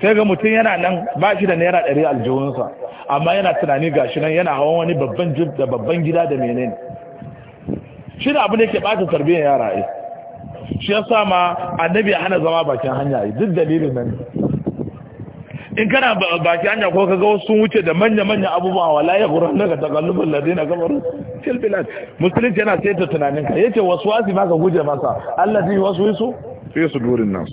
sai ga mutum yana nan ba shi da naira ɗari aljihunsa amma yana tunani gashi nan yana hawan wani babban jib da babban gida da menene shi da abu ne ke bata tarbiyyar yara ai eh. shi yasa ma annabi hana zama bakin hanya ai eh, duk dalilin nan in kana bakin hanya ko ga wasu sun wuce da manya manya abubuwa wala ya gurin daga takallubul ladina kafaru fil bilad musulunci yana tunanin tunaninka yace waswasi ma ka guje masa allazi waswisu fi sudurin nas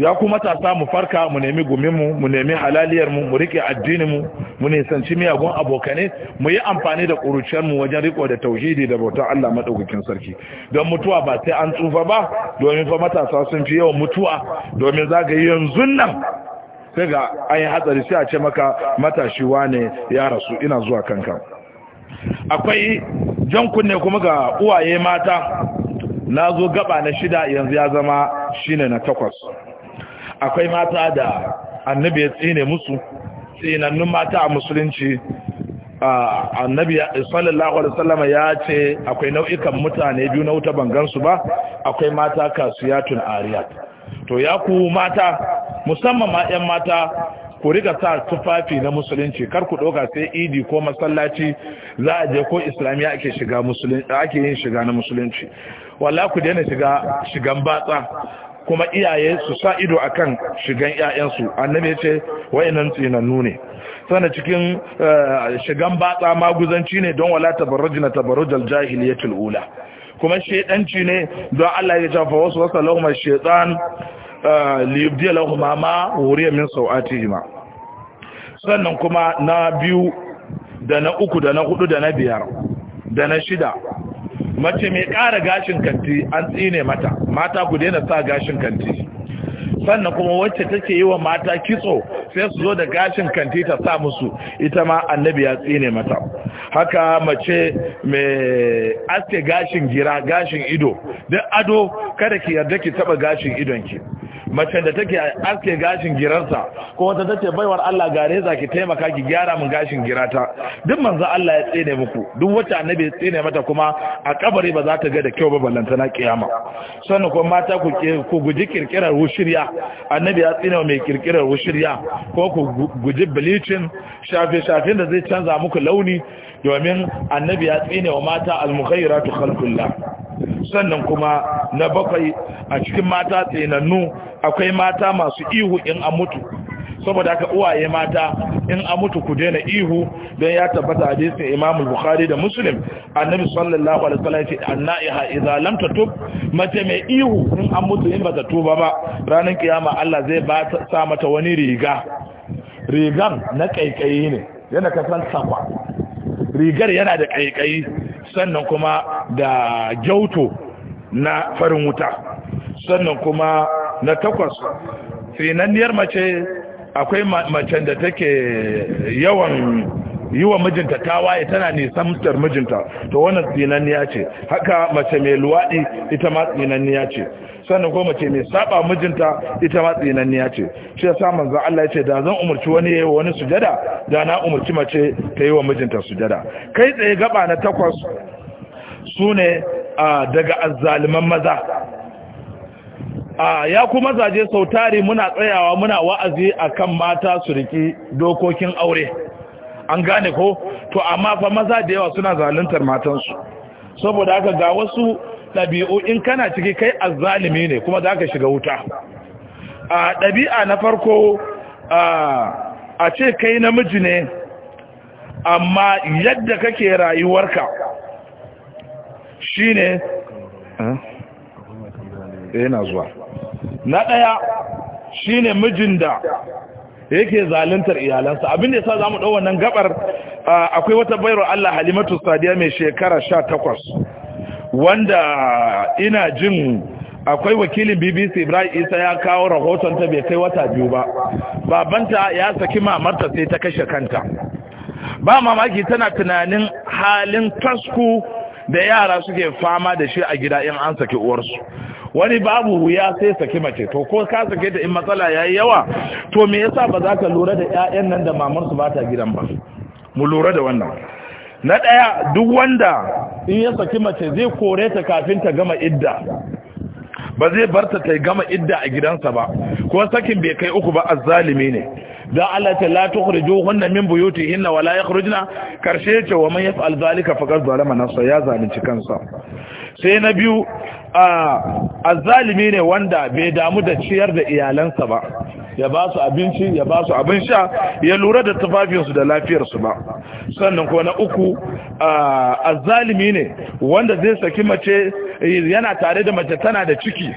ya kuma matasa mu farka mu nemi guminmu mu nemi halaliyarmu mu rike addininmu mu nisanci miyagun abokane mu yi amfani da ƙuruciyarmu wajen riko da tauhidi da bautar Allah maɗaukakin sarki don mutuwa ba sai an tsufa ba domin fa matasa sun fi yawan mutuwa domin zagaye yanzu nan sai ga an yi hatsari sai a ce maka matashi wane ya rasu ina zuwa kanka akwai jan kunne kuma ga uwaye mata na zo gaba na shida yanzu ya zama shine na takwas akwai mata da annabi ya tsine musu tsinannun mata a musulunci annabi sallallahu alaihi wasallam ya ce akwai nau'ikan mutane biyu na wuta bangansu ba akwai mata kasiyatun ariyat to ya ku mata musamman ma yan mata ku riga sa tufafi na musulunci kar ku doka sai idi ko masallaci za a je ko islamiya ake shiga musulunci ake yin shiga na musulunci wallahi ku daina shiga shigan batsa kuma iyaye su sa ido akan shigan ƴaƴansu annabi ya ce wayannan tsinannu ne sana cikin eh, shigan batsa maguzanci ne don wala tabarrujna tabarrujal jahiliyatul ula kuma shedanci ne don Allah ya jafa wasu wasa lahum shaytan eh, liyubdiya lahum ma wuriya min sawatihima sannan kuma na biyu da na uku da na hudu da na biyar da na shida mace mai ƙara gashin kanti an tsine mata mata ku daina sa gashin kanti sannan kuma wacce take yi wa mata kitso sai su zo da gashin kanti ta sa musu ita ma annabi ya tsine mata haka mace mai aske gashin gira gashin ido duk ado kada ki yarda ki taba gashin ki mace da take aske gashin girarsa ko wata take baiwar Allah gare za ki taimaka ki gyara min gashin girata duk manzo Allah ya tsine muku duk wacce annabi ya tsine mata kuma a kabari ba za ta ga da kyau ba ballantana kiyama sannan kuma mata ku ku guji kirkirar shirya. wushirya annabi ya tsina mai kirkirar wushirya ko ku guji bleaching shafe-shafen da zai canza muku launi domin annabi ya tsine wa mata al tu khalqullah sannan kuma na bakwai a cikin mata tsinannu akwai mata masu ihu in a mutu saboda haka uwaye mata in a mutu ku daina ihu don ya tabbata hadisin Imam Bukhari da Muslim annabi sallallahu alaihi wasallam ce annaiha idza lam tatub mace mai ihu in a mutu in ba ta tuba ba ranar kiyama Allah zai ba sa mata wani riga rigan na kaikayi ne yana kasan sakwa rigar yana da ƙaiƙayi sannan kuma da gyauto na farin wuta sannan kuma na takwas tsinanniyar mace akwai macen da take yawan yi wa mijinta ta waye tana nisantar mijinta to wannan tsinanniya ce haka mace mai luwaɗi ita ma tsinanniya ce sannan ko mace mai saba mijinta ita ma tsinanniya ce shi yasa manzo Allah ya ce da zan umurci wani yayi wani sujada da na umurci mace ta yi wa mijinta sujada kai tsaye gaba na takwas sune daga azzaliman maza ya kuma zaje sautari muna tsayawa muna wa'azi akan mata su riki dokokin aure an gane ko to amma fa maza da yawa suna zaluntar matansu saboda haka ga wasu ɗabi'u in kana ciki kai azzalimi ne kuma za ka shiga wuta a ɗabi'a na farko a ce kai namiji ne amma yadda kake rayuwarka shine yana eh? eh, zuwa na ɗaya shine mijin da da yake zaluntar iyalansa abin da ya sa za mu ɗau wannan gabar akwai wata bayarwa Allah Halimatu Sadiya mai shekara sha takwas wanda ina jin akwai wakilin BBC Ibrahim Isa ya kawo rahoton ta bai kai wata biyu ba babanta ya saki mamarta sai ta kashe kanta ba mamaki tana tunanin halin tasku da yara suke fama da shi a gida in an saki uwarsu wani babu wuya sai saki mace to ko ka sake ta in matsala yayi yawa to me yasa ba za ka lura da ƴaƴan nan da mamar su ba ta gidan ba mu lura da wannan na daya duk wanda in ya saki mace zai kore ta kafin ta gama idda ba zai bar ta ta gama idda a gidansa ba ko sakin bai kai uku ba azzalimi ne da Allah ta la tukhrijo hunna min buyutihinna wala yakhrujna karshe ce wa man yaf'al zalika faqad zalama nafsa ya zalunci kansa sai na biyu A zalimi ne wanda bai damu da ciyar da iyalansa ba ya ba su abinci ya ba su abin sha ya lura da tufafinsu da lafiyarsu ba sannan ko na uku zalimi ne wanda zai saki mace yana tare da mace tana da ciki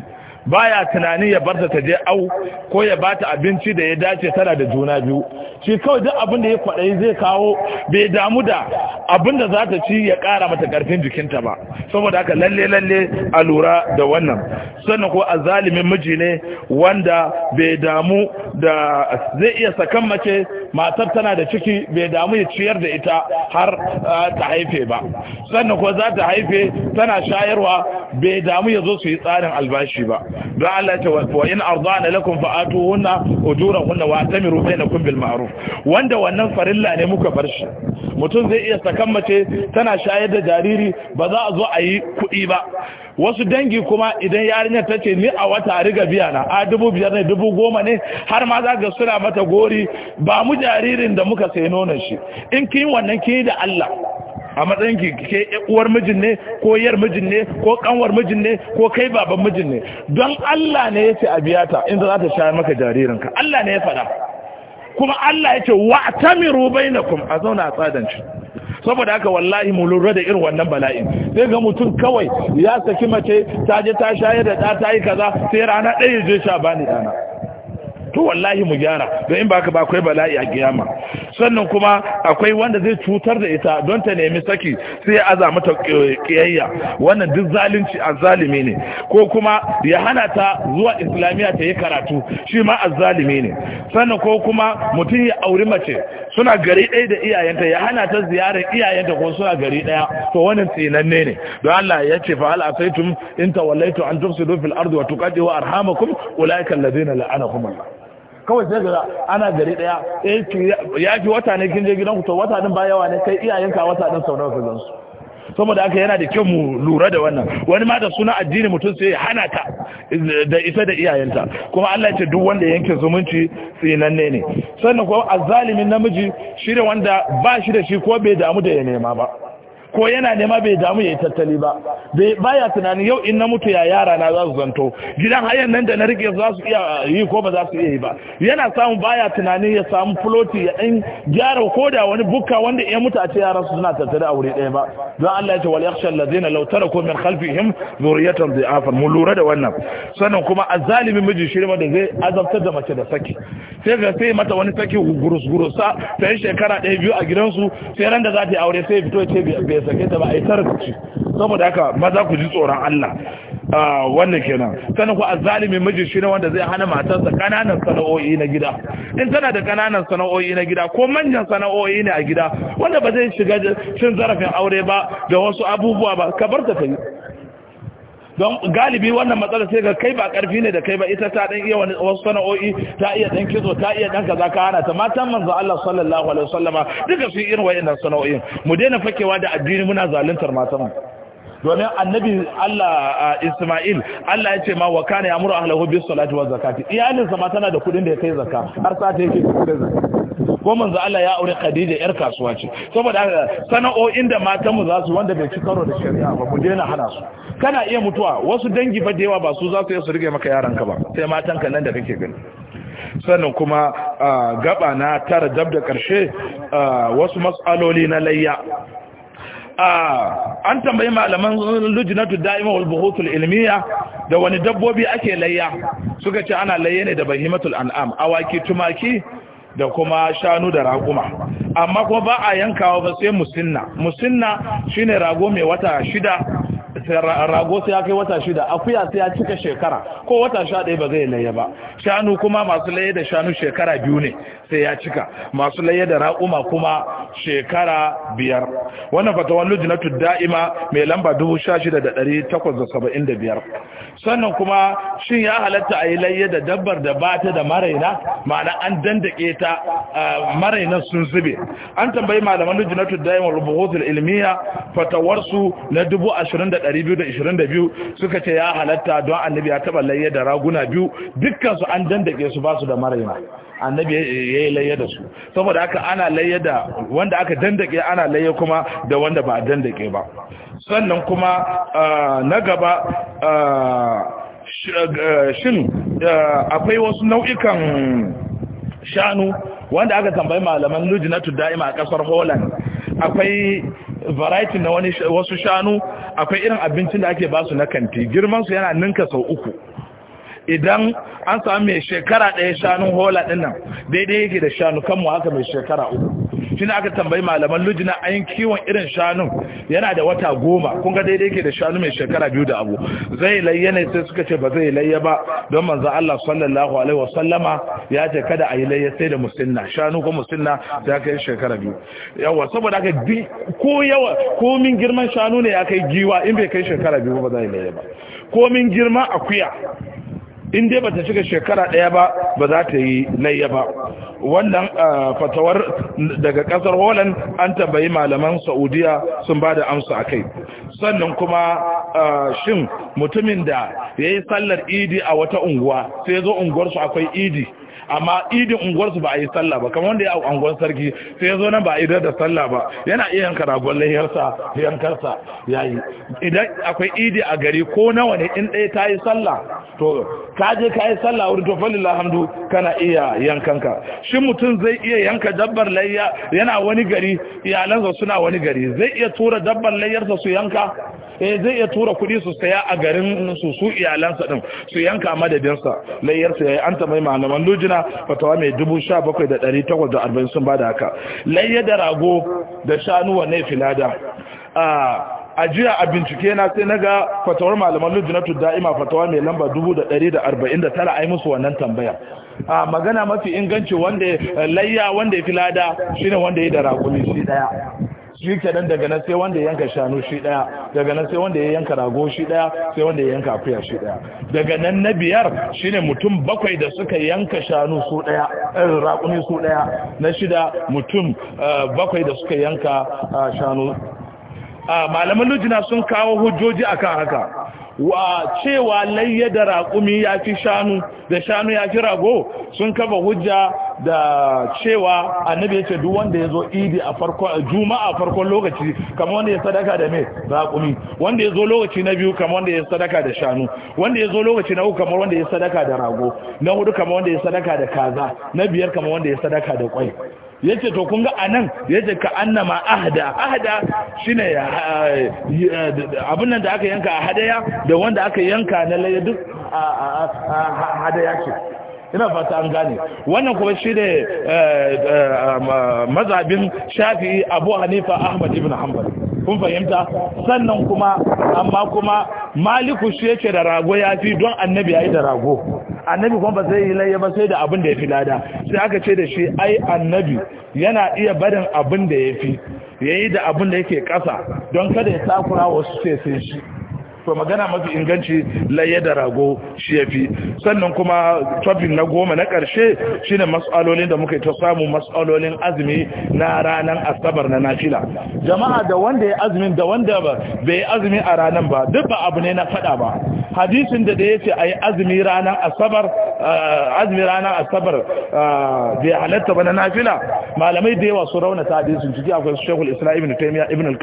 baya tunani ya barta ta je au ko ya bata abinci da ya dace tana da juna biyu shi kawai duk abin da ya kwaɗayi zai kawo bai damu da abin da za ta ci ya ƙara mata ƙarfin jikinta ba saboda haka lalle lalle a lura da wannan sannan ko a zalimin miji ne wanda bai damu da zai iya sakan mace matar tana da ciki bai damu ya ciyar da ita har ta haife ba sannan ko za ta haife tana shayarwa bai damu ya zo su yi tsarin albashi ba don Allah ta wa in arzana lakum fa atuhunna ujurahunna wa atamiru bainakum bil ma'ruf wanda wannan farilla ne muka bar shi mutum zai iya sakan mace tana shayar da jariri ba za a zo a yi kuɗi ba wasu dangi kuma idan yarinyar ta ce ni a wata riga biya na a dubu biyar ne dubu goma ne har ma za ga suna mata gori ba mu jaririn da muka sai nonon shi in kin wannan kin da Allah a matsayin ki ke uwar mijin ne ko yar mijin ne ko kanwar mijin ne ko kai baban mijin ne don Allah ne yace a biya ta inda za ta sha maka jaririnka Allah ne ya faɗa kuma Allah ya yace wa'tamiru bainakum a zauna a tsadanci saboda haka wallahi mu lura da irin wannan bala'in sai ga mutum kawai ya saki mace ta je ta shayar da ɗa ta yi kaza sai rana ɗaya je sha bani ɗana to wallahi mu gyara don in baka ba akwai bala'i a ma. sannan kuma akwai wanda zai cutar da ita don ta nemi saki sai ya aza mata kiyayya wannan duk zalunci azzalimi ne ko kuma ya hana ta zuwa islamiyya ta yi karatu shi ma azzalimi ne sannan ko kuma mutum ya auri mace suna gari ɗaya da iyayenta ya hana ta ziyarar iyayenta ko suna gari ɗaya to wannan tsinanne ne don Allah ya ce fa hal asaitum in tawallaitu an tufsidu fil ardi wa tuqaddu arhamakum ulaika alladhina la'anahum Allah kawai sai gara ana gari daya eh, ya fi wata ne kin je gidan ku to wata din ba yawa ne kai iyayenka wata din sau nawa ka gansu saboda haka yana da kyau mu lura da wannan wani ma da suna addini mutum sai hana ka da isa da iyayenta kuma Allah ya ce duk wanda yanke zumunci tsinanne ne sannan kuma azzalimin namiji shi wanda ba shi da shi ko bai damu da ya nema ba ko yana nema bai damu ya yi tattali ba baya tunanin yau in na mutu ya yara na za su zanto gidan hayan nan da na rike za su iya yi ko ba za su iya yi ba yana samu baya tunanin ya samu floti ya ɗan gyara ko da wani bukka wanda ya mutu a ce yaran su suna tattali a wuri ɗaya ba don Allah ya ce wal yakhsha allazina law taraku min khalfihim dhurriyatan dha'afan mu lura da wannan sannan kuma azalimi miji shirma da zai azabtar da mace da saki sai ga sai mata wani saki gurus gurusa ta shekara ɗaya biyu a gidansu sai ran da za ta yi aure sai fito ya ce bai bai sake ta ba a yi ci saboda haka za ku ji tsoron Allah ah, wannan kenan sanin ku zalimin miji shi ne wanda zai hana matarsa kananan sana'o'i na gida in tana da kananan sana'o'i na gida ko manyan sana'o'i ne a gida wanda ba zai shiga cin zarafin aure ba da wasu abubuwa ba ka bar ta ta yi don galibi wannan matsala sai ga kai ba karfi ne da kai ba ita ta dan iya wani wasu sana'o'i ta iya dan kizo ta iya dan kaza ka hana ta matan manzo Allah sallallahu alaihi wasallama duka su irin wayannan sana'o'in mu daina fakewa da addini muna zaluntar matan domin annabi Allah Isma'il Allah ya ce ma wa kana muru ahlahu bis salati waz zakati iyalinsa ma tana da kudin da ya kai zakka har sa ta yake kudin zakka ko manzo Allah ya aure Khadija yar kasuwa ce saboda haka sana'o'in da matan mu za su wanda bai ci karo da shari'a ba ku daina hana su kana iya mutuwa wasu dangi fa da yawa ba su za su yi su rike maka yaran ka ba sai matan ka nan da kake gani sannan kuma gaba na tara dab da karshe wasu mas'aloli na layya an tambayi malaman lujinatu da'ima wal buhutul ilmiya da wani dabbobi ake layya suka ce ana layya ne da bahimatul an'am awaki tumaki da kuma shanu da raguma amma kuma ba a yankawa ba sai musinna musinna shine rago mai wata shida rago sai ya kai wata shida akuya sai ya cika shekara ko wata sha ɗaya ba zai laye ba shanu kuma masu laye da shanu shekara biyu ne sai ya cika masu laye da raƙuma kuma shekara biyar wannan fatawan lujinatu da'ima mai lamba dubu sha shida da ɗari takwas da saba'in da biyar sannan kuma shin ya halatta a yi laye da dabbar da ba ta da maraina ma'ana an dandake ta maraina sun zube an tambayi malaman lujinatu da'ima rubuhotul ilmiya fatawarsu na dubu ashirin da 222 suka ce ya halatta don annabi ya taba layyar da raguna biyu dukkan su an dandake su ba su da maraina annabi ya yi layyar da su saboda aka ana layyar da wanda aka dandake ana layyar kuma da wanda ba a dandake ba sannan kuma ah, na gaba ah, ah, shin akwai wasu nau'ikan shanu wanda aka tambayi malaman lujinatu da'ima a kasar holland akwai variety na wasu shanu akwai irin abincin da ake basu na kanti girman su yana ninka sau uku idan an sami mai shekara ɗaya shanun hola ɗinnan daidai yake da shanu kanmu haka mai shekara uku shi aka tambayi malaman lujina a yin kiwon irin shanun yana da wata goma kunga daidai yake da shanu mai shekara biyu da abu zai layya ne sai suka ce ba zai layya ba don manzan Allah sallallahu alaihi wasallama ya ce kada a yi layya sai da musinna shanu ko musinna sai aka yi shekara biyu yawa saboda aka bi ko yawa ko min girman shanu ne ya kai giwa in bai kai shekara biyu ba zai layya ba ko min girman akuya in dai bata shiga shekara ɗaya ba ba za ta yi layya ba wannan ah, fatawar daga ƙasar holland an tambayi malaman saudiya sun ba da amsa a kai sannan kuma ah, shin mutumin da ya yi sallar idi a wata unguwa sai zo unguwarsu akwai idi amma idin unguwarsu ba a yi sallah ba kamar wanda ya a unguwar sarki sai ya zo nan ba a idar da sallah ba yana iya yanka ragon lahiyarsa yankarsa ya yi idan akwai idi a gari ko nawa ne in ɗaya ta yi sallah to ka je ka yi sallah wurin to falin lahamdu kana iya yankanka shi mutum zai iya yanka dabbar layya yana wani gari iyalansa suna wani gari zai iya tura dabbar layyarsa su yanka eh zai iya tura kuɗi su saya a garin su su iyalansa din su yanka madadinsa layyarsa yayi an ta mai malaman jina fatawa mai 17,840 sun ba da haka layya da rago da shanu wane filada a jiya a bincike na sai na ga fatawar malaman lujinatu da'ima fatawa mai lamba 1,149 ai musu wannan tambaya a magana mafi inganci wanda layya wanda ya shi ne wanda ya da rago ne shi daya shi kenan daga nan sai wanda ya yanka shanu shi daya daga nan sai wanda ya yanka rago shi daya sai wanda ya yanka akuya shi daya daga nan na biyar shine mutum bakwai da suka yanka shanu su daya raƙumi su daya na shida mutum eh, bakwai da suka yanka eh, shanu ah, malaman lujina sun kawo hujjoji akan haka wa cewa layya da raƙumi ya fi shanu da shanu ya fi rago sun kafa hujja da cewa annabi ya ce duk wanda ya zo idi a farkon juma'a farkon lokaci kamar wanda ya sadaka da mai raƙumi wanda ya zo lokaci na biyu kamar wanda ya sadaka da shanu wanda ya zo lokaci na uku kamar wanda ya sadaka da rago na hudu kamar wanda ya sadaka da kaza na biyar kamar wanda ya sadaka da kwai yace to a nan ya yace ka annama ahda ahada shi ne eh, eh, abinnan da aka yanka a hadaya da wanda aka yanka na laye duk hadaya ce ina fata an gane wannan kuma shi ne eh, mazabin shafi abu hanifa ahmad ibn hanbali kun fahimta sannan kuma amma kuma maliku shi yake da rago ya fi don annabi ya yi da rago annabi kuma ba zai yi laye ba sai da abin da ya fi lada sai aka ce da shi ai annabi yana iya barin abin da ya fi ya yi da abin da yake kasa don kada ya takura wasu sai sai shi to magana mafi inganci laye da rago shi ya fi sannan kuma tobin na goma na ƙarshe karshe shine matsalolin da muka yi ta samu matsalolin azumi na ranar asabar na nafila jama'a da wanda ya azumin da wanda bai azumi a ranar ba duk ba abu ne na fada ba hadisin da da yace ayi azumi ranar asabar azumi ranar asabar bai halatta bana fila malamai da yawa su rauna ta hadisin ciki akwai Sheikhul Islam Ibn Taymiyyah Ibn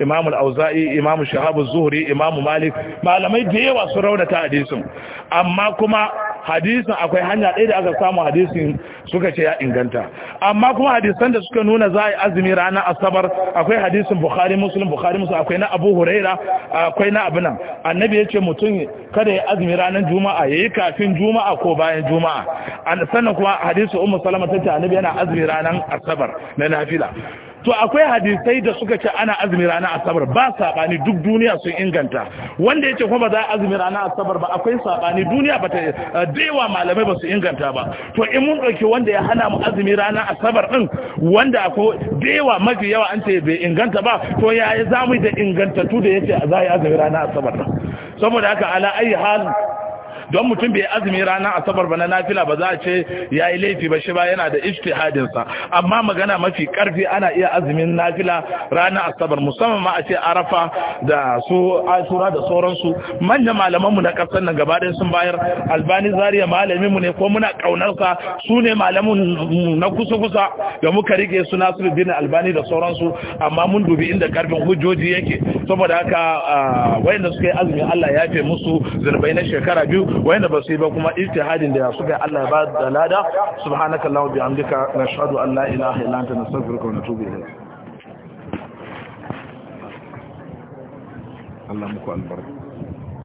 Imam auzai Imam Shahab Az-Zuhri Imam Malik malamai da yawa su rauna ta hadisin amma kuma hadisin akwai hanya ɗaya da aka samu hadisin suka ce ya inganta amma kuma hadisan da suka nuna za a yi azumi ranar asabar akwai hadisin bukhari muslim bukhari musulun akwai na abu huraira akwai na abu nan annabi ya ce mutum kada ya azumi ranar juma'a ya yi kafin juma'a ko bayan juma'a sannan kuma hadisin umar salama ta ce annabi yana azumi ranar asabar na nafila to akwai hadisai da suka ce ana azumi ranar asabar ba sabani duk duniya sun inganta wanda yace kuma ba za azumi rana asabar ba akwai sabani duniya ba ta eh, daiwa malamai ba su inganta ba to in mun dauki wanda ya hana mu azumi rana asabar din wanda akwai daiwa mafi yawa an ce bai inganta ba to yaya zamu da ingantattu da yace za a yi azumi ranar asabar saboda haka ala ayi hal don mutum bai azumi ranar asabar ba na nafila ba za a ce ya yi laifi ba shi ba yana da ijtihadinsa amma magana mafi karfi ana iya azumin nafila ranar asabar musamman ma a ce arafa da su asura da sauransu manyan malamanmu na kasar nan gaba sun bayar albani zariya malaminmu ne ko muna kaunarsa su ne malamin na kusa-kusa da muka rike su nasiruddin albani da sauransu amma mun dubi inda karfin hujjoji yake saboda haka ah, wayanda suka yi azumin Allah ya fe musu zurbai na shekara biyu wayanda ba su yi ba kuma ijtihadin da suka Allah ya ba da lada subhanaka allahumma bihamdika nashhadu an la ilaha illa anta nastaghfiruka wa natubu ilayk Allah muku albarka